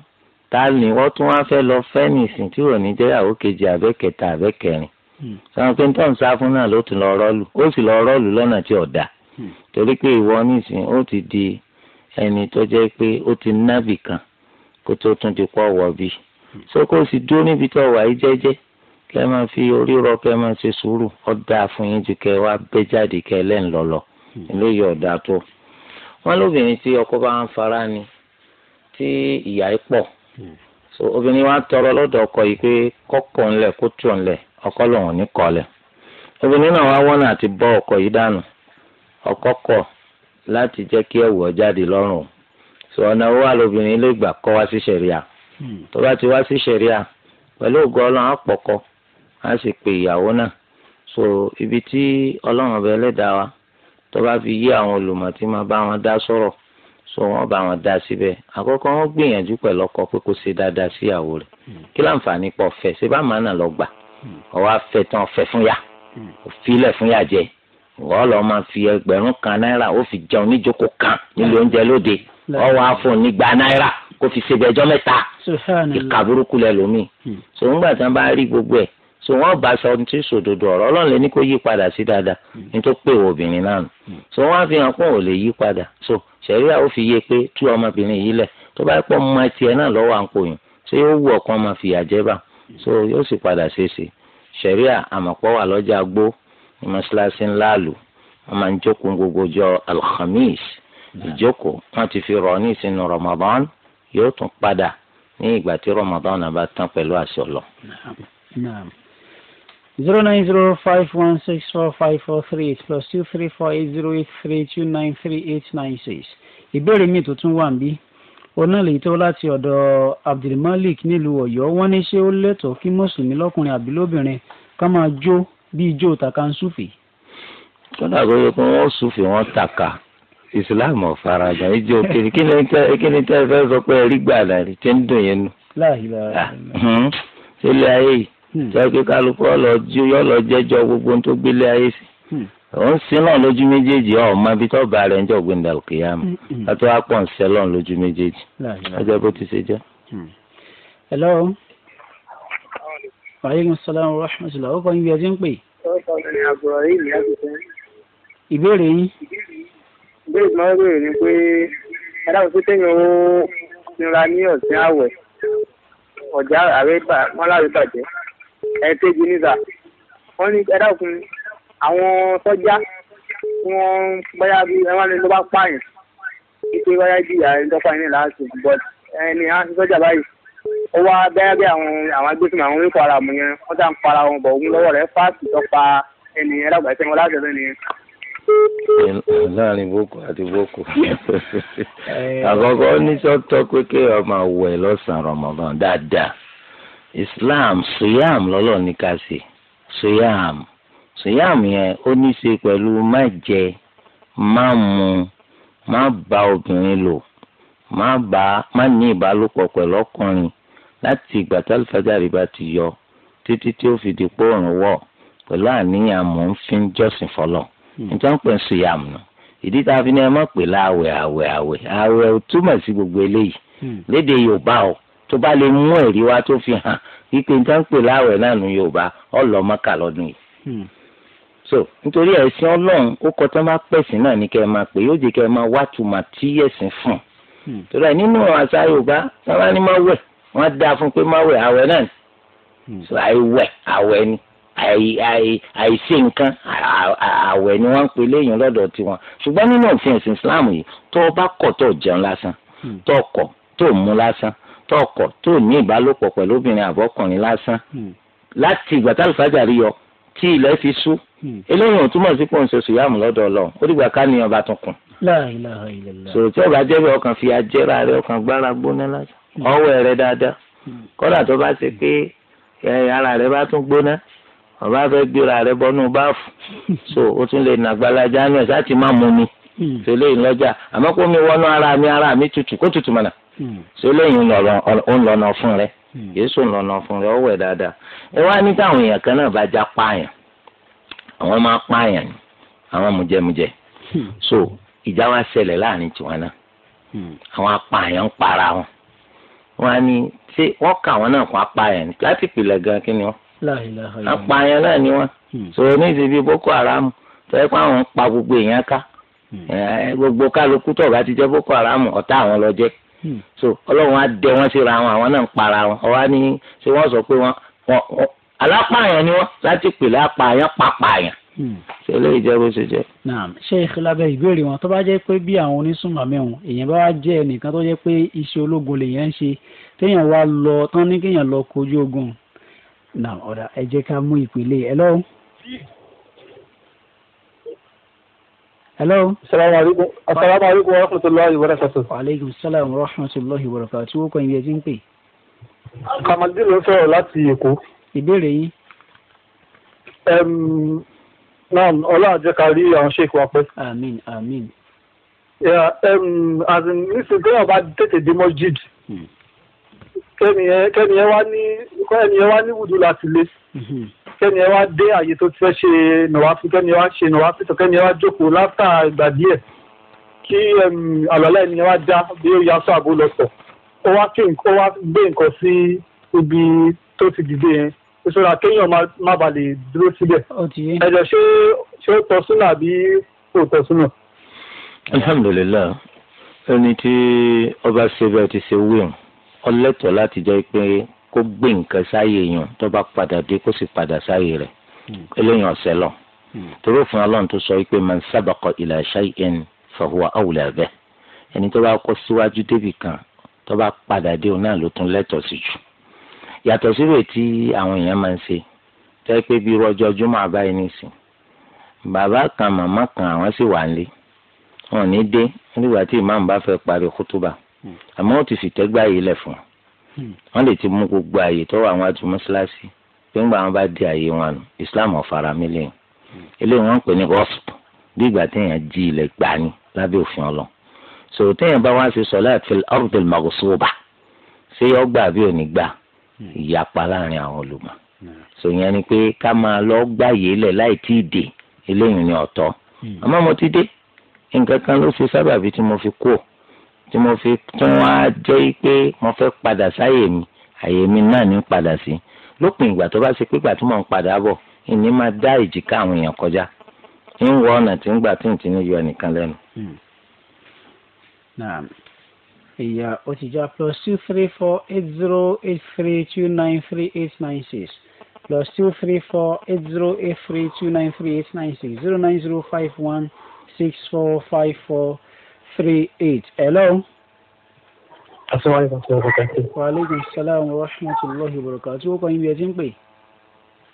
ta ni wọ́n tún wá fẹ́ lọ fẹ́ nìsín tí ò ní jẹ́ ìyàwó kejì àbẹ́kẹta àbẹ́kẹrin hmm. sọ pé tó ń sá fún náà ló ti lọ rọ́ọ̀lù ó sì lọ rọ́ọ̀lù lọ́nà tí ò dáa hmm. torí pé ìwọ nísìnyí ó ti di ẹni tó jẹ́ pé ó ti nábì kan kó tó tún ti pọ̀ wọ̀ bí hmm. so kó o sì dúró níbi tó wà yí jẹ́jẹ́ kẹ́ máa fi orí rọ kẹ́ máa ṣe sùúrù ó dáa fún yín ju kẹ́ wá bẹ́ jáde kẹ́ lẹ́ń lọ́lọ́ eléyìí ọ̀dà tó wọn lóbìnrin tí ọkọ bá ń fara ni tí ìyá ẹ pọ̀ so obìnrin wa tọrọ lọdọ ọkọ yìí pé kọ́kọ́ ńlẹ̀ kó ọkọ lòun ní kọ́lẹ̀ obìnrin náà wá wọ́nà àti bọ ọkọ yìí dànù ọkọ láti jẹ́ kí ẹ̀wù ọ̀jáde lọ́rùn so ọ̀nà owó àlòbìnrin lè gbà kọ́ wá sí ṣẹ̀ríà hmm. tó bá ti wá sí ṣẹ̀ríà pẹ̀lú ògo ọlọ́run àpọ̀kọ á sì pe ìyàwó náà so ibi tí ọlọ́run ọbẹ̀ ẹlẹ́dàá wa tó bá fi yí àwọn olùmọ̀ tí máa wọn dá sọ̀rọ̀ so wọn bá wọn dá síbẹ̀ àkọ́kọ́ wọn gbìyànjú pẹ̀lú ọkọ pé kó ṣe dáadáa síyàwó rẹ̀ hmm. kí láǹfààní pọ̀ fẹ́ ṣe bá màá nà lọ gbà ọwọ́ hmm. afẹ́ tán fẹ́ fún yà òfilẹ̀ hmm. fún yà jẹ wọ́n lọ máa fi ẹgbẹ̀rún kan náírà ó fi jẹun níjókòó kan nílé oúnjẹ lóde ọwọ́ afọ nígbà náírà kó fi ṣe bẹjọ́ mẹ́ta ìka burúkú lẹ lómi so ńgbà tí wọn bá rí gbogbo ẹ̀ so wọn bá sọ ní tí sòdodo ọ̀rọ̀ Ọlọ́run lè ní kó yí padà sí dáadáa ní tó pè wọ obìnrin náà so wọn fi hàn pé òun lè yí padà so sẹ̀ríà ó fi yé pé tú ọmọbìnrin yìí lẹ̀ tó bá pọ̀ mọ́ tiẹ̀ náà lọ́wọ́ à ń pòyàn ṣé yóò wù ọ̀kan máa fìyà jẹ́ bá so yóò sì padà ṣeéṣe sẹ̀ríà àmọ̀pọ̀ wà lọ́jà gbó mọ́ṣáláṣí ńlá lù wọ́n máa ń jókòó gbogbo jọ alhamis ìjókòó wọ́n ti fi rọ̀ ní ìsinú ramadan yóò tún padà ní ìgbà tí ramadan náà tán pẹ̀lú àṣọ lọ zero nine zero five one six four five four three eight plus two three four eight zero eight three two nine three eight nine six ìbéèrè mi tó tún wà ń bí ọ̀nà lè tó láti ọ̀dọ̀ Abdulmalik nílùú Ọ̀yọ́ wọ́n ní ṣé ó lẹ́tọ̀ọ́ kí mùsùlùmí lọ́kùnrin àbí lóbìnrin ká máa jó bí ijó tàka ń súfì. kódà kó yẹ kó wọ́n súfì wọ́n tàka ìsìláàmù ọ̀farajọ ijó kí ni tẹ́ ẹ fẹ́ sọ pé ẹ rí gbàdá rí tí ń dùn yẹn nù. láàyè ah, hmm. ilé ayé yìí jẹ́ hmm. kálukú ọlọ́jú yọlọ́jẹ́jọ́ gbogbo tó gbélé ayé sí òun hmm. sílọ̀ lójú méjèèjì ọ̀ ma bí tọ́ bàa rẹ̀ ń jọ gbẹ̀ndà òkè yá mi látọ́ àpọ̀ ń sẹ́lọ̀ lójú méjèèjì ọjọ́ bó ti ṣe jẹ́. Hmm. hello aleykum salaam wa rahmatulah ó kọ́ ibi ẹjẹ́ ń pè. ìbéèrè yín. ìbéèrè tí wọ́n béèrè ni pé adáwọ̀ tó tẹ̀yìn owó nira ní ọ̀sìn àwẹ̀ ọ̀jà àwẹ̀ wọn láwẹ̀ bàjẹ́ ẹ̀ẹ̀kejì ni sà wọ́n ní ẹ dákun àwọn sọ́jà wọ́n bóyá bí ẹ wá ní ló bá pààyàn wípé bóyá jìyà ẹni tó pààyàn nílà áṣù but ẹni áṣù sọ́jà báyìí ó wá bẹ́ẹ̀ bí àwọn àwọn agbésùnmọ̀ àwọn oníkọ̀ ara mu yẹn wọ́n dá ń para wọn bọ̀ ogun lọ́wọ́ rẹ̀ fáàtì tó pa ẹni ẹ dàgbà ẹsẹ̀ wọn láti ẹsẹ̀ nìyẹn láàrin boko àti boko àkọ́kọ́ ní sọ́tọ́ pé kéèyàn máa wẹ̀ lọ́sàn-án rọmọdán dáadáa islam suyam lọ́lọ́ ní ká ṣe suyam suyam yẹn ó ní í ṣe pẹ̀lú má jẹ má mu má bá obìnrin lò má bá má ní ìbálòpọ̀ pẹ̀lú ọkùnrin láti ìgbà tálífàjárì bá ti yọ títí tí ó fi di pòrùn wọ̀ pẹ̀lú àníyàn mò ń fi jọ́sìn fọlọ́ nítorí pé suyam nù ìdí tá a fi ní ẹ má pè láàwẹ̀ àwẹ̀ àwẹ̀ àwẹ̀ ò túmọ̀ sí gbogbo eléyìí hmm. léde Yorùbá o. Hmm tó bá lè mú ẹ̀rí wá tó fi hàn wípé n tán láwẹ̀ náà nu yorùbá ọlọ́ lọ́dún yìí. Hmm. so nítorí ẹ̀sìn ọlọ́run ó kọ tán bá pẹ̀sìn náà ní kẹ́ ẹ máa pè yóò jẹ́ kẹ́ ẹ máa wá tùmà tí ẹ̀sìn fún un. Hmm. torí ẹ nínú àṣà yorùbá tá a bá ní máa wẹ̀ wọ́n á dáa fún pé máa wẹ̀ àwẹ̀ náà ni. Hmm. so àìwẹ̀ àwẹ̀ ni àìṣe nǹkan àwẹ̀ ni wọ́n ń pè léyìn lọ́dọ̀ tiwọn ṣùgbọ́n nínú òfin ẹ̀sìn tọkọ tó ní ìbálòpọ̀ pẹ̀lú obìnrin àbọ̀kùnrin lásán hmm. láti ìgbà tá àlùfáàjà rí yọ tí ilẹ̀ fi ṣú hmm. eléyìí ò túmọ̀ sí pòun ṣe sùyàmù lọ́dọ̀ ọlọ́run ó dìgbà ká níyàn bá tún kùn. sòrò tí ọba jẹ́ bẹ́ẹ̀ ọkàn fi ajẹ́ra rẹ ọkàn gbára gbóná lásán hmm. ọwọ́ rẹ dáadáa kọ́dà tó bá ṣe pé ara rẹ bá tún gbóná ọba fẹ́ gbéra rẹ bọ́nú báfù so ó tún lè nàgbàlájà ní ẹ̀ sáà ti má mú mi tẹ́lẹ̀ ìlọ́jà àmọ́ kó mi wọnú ara mi ara mi tutù kó tutù mọ́nà. Hmm. sọlẹ́yìn ńlọ́nà fún rẹ yéésù hmm. ńlọ́nà fún rẹ ọwọ́ ẹ̀ dáadáa ẹ wá ní táwọn èèyàn kan náà bá já pààyàn àwọn máa pààyàn ni àwọn mùjẹmùjẹ hmm. so ìjà wa ṣẹlẹ̀ láàrin tiwọn náà àwọn apààyàn ń para wọn wọn á ní ṣé wọn kà wọn náà kó apààyàn ni láti pìlẹ̀ gan kí ni wọn apààyàn náà ni wọn sọ̀rọ̀ ní ìsìn bíi Boko Haram tó yẹ pé àwọn ń pa gbogbo èèyàn ká gbogbo kálukú tó bá ti jẹ́ Boko Haram ọ̀tá àwọn lọ jẹ́ Hmm. so ọlọ́run á dẹ wọ́n síra wọn àwọn náà ń para wọn ọ̀wá ní ṣé wọ́n sọ pé wọ́n alápààyàn ni wọ́n láti pèlè apààyàn pàpààyàn hmm. ṣe lè jẹ́ bó ṣe jẹ́. naam sheikh labẹ ìbéèrè wọn tó bá jẹ́ pé bí àwọn onísùnmọ̀mí wọn èèyàn bá wá jẹ́ ẹnìkan tó jẹ́ pé iṣẹ́ ológun lèèyàn ń ṣe téèyàn wá lọ tán ní kéèyàn lọ kojú ogun naam ọ̀dà ẹ ká mú ìpele hello. salaamu aleykum asalaamu aleykum wa rahmatulahi wa barakatu. wa aleykum salaam wa rahmatulahi wa barakatu. o kàn yín bí ẹ ti ń pè. kamaldin ló sọ̀rọ̀ láti èkó. ìbéèrè yín. naam ọlọ́run jẹ́ ká rí àwọn ṣèkú wa pẹ́. àmín àmín. nísìnyí téèyàn bá tètè dé mọ́jid hmm. kẹ́niyẹn wá ní wùdú láti lé. Hmm kẹ́ni ẹ wá dé àyè tó ti fẹ́ ṣe nọ̀wáfí kẹ́ni ẹ wá ṣe nọ̀wáfí tó kẹ́ni ẹ wá jókòó láfà ìgbà díẹ̀ kí àlọ́lá ẹni ẹ wá já bí ó yá sọ àbó lọ sọ ó wá kí ó wá gbé nǹkan sí ibi tó ti dìde yẹn ìṣòro kéèyàn má ba lè dúró síbẹ̀ ẹ jọ ṣé ṣé ó tọ́ súnà àbí kò tọ́ súnà. alhamdulilayi ẹni tí ọba ṣe bẹ́ẹ̀ ti ṣe wíwọ̀n ọlẹ́tọ̀ láti jẹ́ pé kó gbé nǹkan sáyè yàn tó bá padà dé kó sì padà sáyè rẹ̀ hmm. eléyìí ọ̀sẹ̀ lọ. Hmm. torí òfin ọlọ́run tó sọ pé man sabaqa ila shay'in fahuwa awla bihi ẹni tó bá kọ́ síwájú débì kan tó bá padà dé òun náà ló tún lẹ́tọ̀ọ́ sí jù. yàtọ̀ síbè tí àwọn èèyàn máa ń ṣe tẹ́ pé bí rọjò júmọ̀ àbáyé nìsín bàbá kan màmá kan àwọn sì wà nílé wọn ò ní dé nígbà tí ìmáàmù bá fẹ́ parí kútúbà hmm. àmọ́ ó ti fìtẹ́gbà yìí lẹ̀ fún un wọ́n lè ti mú gbogbo àyè tó wà wájú mọ́ṣáláṣí pé ńgbà wọn bá di àyè wọn nù islam ọ̀fara mi lẹ́yìn eléyìí wọ́n ń pè ní gọ́sùp bí ìgbà téèyàn jí ilẹ̀ gbà ní lábẹ́ òfin ọlọ́ so téèyàn bá wá sí sọlá fil ardil maghsuba ṣé yọ gbà bí ò ní gbà ìyapa láàrin àwọn olùmọ̀ so yẹn ni pé ká máa lọ gbàyè lẹ̀ láì tí ì dé eléyìí ni ọ̀tọ̀ àmọ́ mo ti dé nǹkan kan ló fi sábàbí tí mo fi kú ò tí mo fi tún wá jẹ́ pé mo fẹ́ padà sáyè mi àyè mi náà ní padà sí lópin ìgbà tó bá ṣe pé ìgbà tí mò ń padà bọ̀ ìní máa dá ìjìká àwọn èèyàn kọjá ń wọ ọ̀nà tí ń gbà tí ń ní yọ ẹnìkan lẹ́nu. Hmm. ìyá òtìjà plus two three four eight zero eight three two nine three eight nine six plus two three four eight zero eight three two nine three eight nine six zero nine zero five one six four five four three eight hello. asalaamualeykum wa rahmatulahi. waaleykum salaam wa rahmatulahi wa barakatuh. ó kọ́ yín bí ẹ ti ń pè.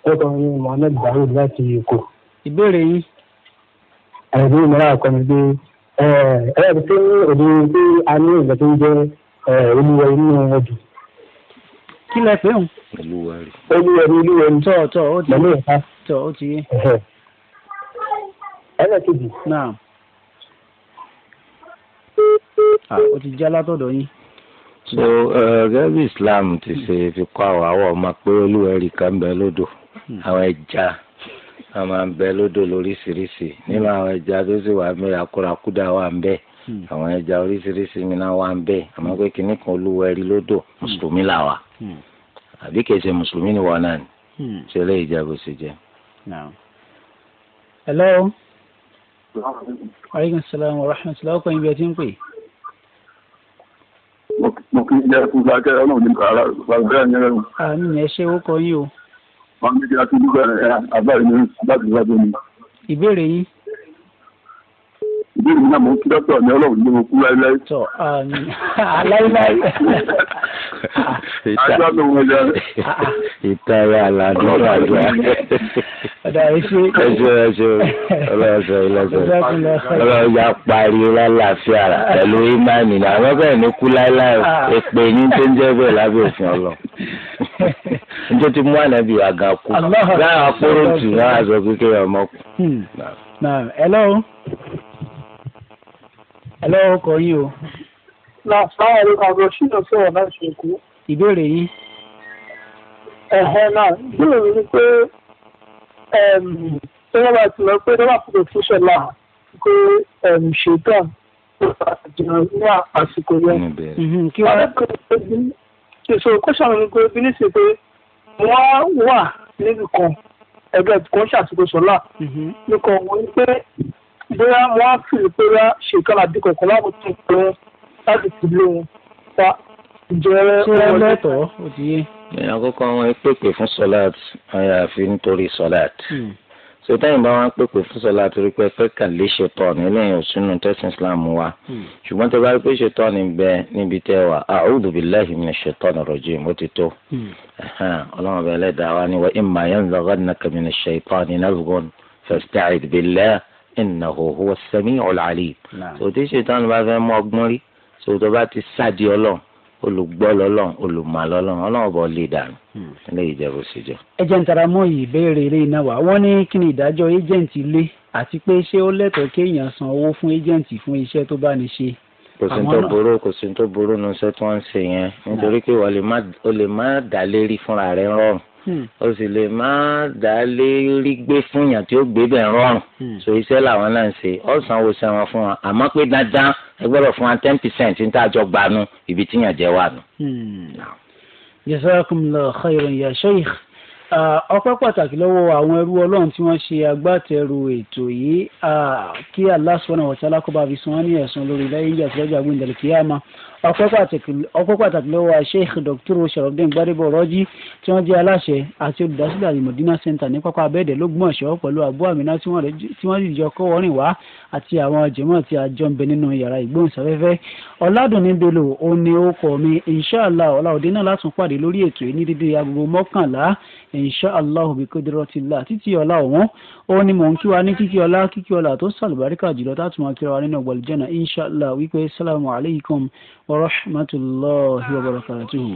ó kọ́ yín Mohammed Bahoud láti Èkó. ìbéèrè yín. àìsí ìmọ̀ràn àkọ́ni pé ẹ̀rọ tí òde pé a ní ìgbà tó ń jẹ́ olúwa inú ọdún. kí lẹ fẹ́ hàn. olúwa rẹ. olúwa rẹ olúwa rẹ. tọ́ tọ́ ó ti yé. tọ́ ó ti náà ó ti já látọ̀dọ̀ yín. so gẹ́gẹ́ islam ti ṣe fi kọ́ àwọn àwọn ọmọ pé olúwẹ̀rí kan bẹ lódò hmm. àwọn ẹja a máa ń bẹ lódò lóríṣiríṣi nínú àwọn ẹja tó sì wà ń bẹ àkúrakúdà wà ń bẹ hmm. àwọn ẹja oríṣiríṣi mìíràn wà ń bẹ àmọ́ pé kinní kan olúwẹ̀rí lódò hmm. mùsùlùmí là wà àbí kìí ṣe mùsùlùmí ni wọn náà ni ṣe lè jẹ bó ṣe jẹ. hello. aleykum salaam wa rahmatulah ọkọ ibi ẹ ti ń pè é kí n jẹ́ fún sákẹ́ ọlọ́run ní kàrà bàbá yẹn lẹ́nu. àmì ẹ̀ ṣe ó kọ yín o. wọn ní kí a ti dúpẹ́ àbáyé ní láti wájú mi. ìbéèrè yín ìbéèrè mi náà mo ń kí dọ́tọ̀ ní ọlọ́run ní mo kú láéláé. tọ aláìláì. àjọyọ̀ wọn jẹ. ìtara àlàdé àgbà. ọ̀dà ẹṣẹ. ẹṣẹ ẹṣẹ ọlọ́ọ̀ṣẹ ọlọ́ọ̀ṣẹ ọlọ́ọ̀ ya parí lálàáfíà pẹ̀lú ìmáàmì ni àwọn bẹ́ẹ̀ ní kú láéláì ah. èpè ní tó ń jẹ́ bẹ́ẹ̀ lábẹ́ òfin ọlọ́ njẹ́ ti mú ànábì àgàkú láàrín apóròtù náà àzọ̀ kékeré ọmọkùnrin. hello. Hello, ọkọ̀ yín o. Náà sáwọn ẹ̀rọ kan lọ sínú sọ̀rọ̀ láti Èkó. Ìbéèrè yín. Ẹ̀hẹ́ náà, ìbéèrè mi ni pé tọ́lá bá ti lọ pé tọ́lá fòkè fún ṣọlá pé ṣètàn jìnnà àsìkò yẹn. Ìṣòro mhm, kọ́ṣà mi ni pé bí ní ṣe pé wọ́n wà níbi kan ẹgbẹ́ kan ṣàtúnkọ́ sọ́lá. Mhm. Nìkan wọ́n ní pé bóyá wọ́n á fi ìpẹ́rẹ́ ṣèkálà bí kọ̀ọ̀kan láwọn tó ń pè wọ́n láti fi lé wọn pa ìjẹ́rẹ́ wọn lẹ́tọ̀ọ́ òdì yé. ìyẹn àkọ́kọ́ àwọn pèpè fún sọ́láàt àyàfi nítorí sọ́láàt hmm. sọtẹ́yìn bá wọn pèpè fún sọlá torí pé kẹ́kàn lè ṣetán nílẹ̀yìn òsínú tẹ́sán Islam wa hmm. ṣùgbọ́n tẹ́ bá rí pé ṣetán ní bẹ níbi tẹ́ wà a'udhu billahi minash shaitani rajim mo ti tó hmm. ọlọ́run bẹ́ẹ̀ lẹ́dàá wa ni wa imma yanzaghannaka minash shaitani nazghun fasta'id billah innahu huwa as-sami'ul 'alim. sòtí ṣètọ́nù bá fẹ́ mú ọgbọ́n rí sòtò bá ti sáàdì ọlọ́run olùgbọ́ lọ́lọ́run olùmọ̀ lọ́lọ́run ọlọ́run bọ̀ lè dànù ilé ìjẹ̀bù síjọ. ẹjẹ̀ ń tara mọ́ yìí béèrè eré iná wa wọ́n ní kí ni ìdájọ́ éjẹ̀ǹtì ilé àti pé ṣé ó lẹ́tọ̀ọ́ kéèyàn san owó fún éjẹ̀ǹtì fún iṣẹ́ tó bá ní ṣe. kò sí tó burú kò sí tó burú nu iṣẹ́ tí wọ́n ń ṣe yẹn nítorí pé o lè má dá lérí fúnra rẹ̀ rọrùn Hmm. o sì lè má dálé rí gbé fún yàn tí ó gbé bẹ̀ rọrùn hmm. so iṣẹ́ làwọn náà ń ṣe ọ̀sán wo sẹ́wọ̀n fún wa àmọ́ pé dandan ẹ gbọ́dọ̀ fún wa ten percent ní tàjọ gbanú ibi tí yàn jẹ́ wà nù. Hmm. jazakumullahu khairan ya sheikh ọpẹ́ pàtàkì lọ́wọ́ àwọn ẹrú ọlọ́run tí wọ́n ṣe agbátẹrù ètò yìí kí Allah subhanahu wa ta'ala kó bá fi san wọ́n ní ẹ̀san lórí lẹ́yìn ìjà tí wọ́n jà gbé ìdàlùkíyàmá ọpẹ́ pàtàkì lọ́wọ́ sheikh dr sharafdin gbadebo rọ́jí tí wọ́n jẹ́ aláṣẹ àti olùdásílẹ̀ alimọ̀dínà center ní pápá abẹ́ẹ̀dẹ̀ lọ́gbọ̀nsọ̀ pẹ̀lú abu amina tí wọ́n dìjọ kọ́ wọ́rìn wá àti àwọn jẹ̀mọ́ tí a jọ ń bẹ nínú yàrá ìgbóhùnsáfẹ́fẹ́ ọ̀làdùnní bello ó ní ó kọ́ mi inshàlá ọ̀làwọ̀dé náà látún pàdé lórí ètò yìí ní dídí agogo mọ́kànlá inshàlá òbí kódìrọ́tìlá títí ọ̀la òun ó ní mò ń kí wa ní kíkí ọ̀la kíkí ọ̀la tó sàlùbáríkà jùlọ tá a tún máa kíra wa nínú ọgbàlùjẹ́nà inshàlá wípé sálàmù alaykum ورحمة الله وبركاته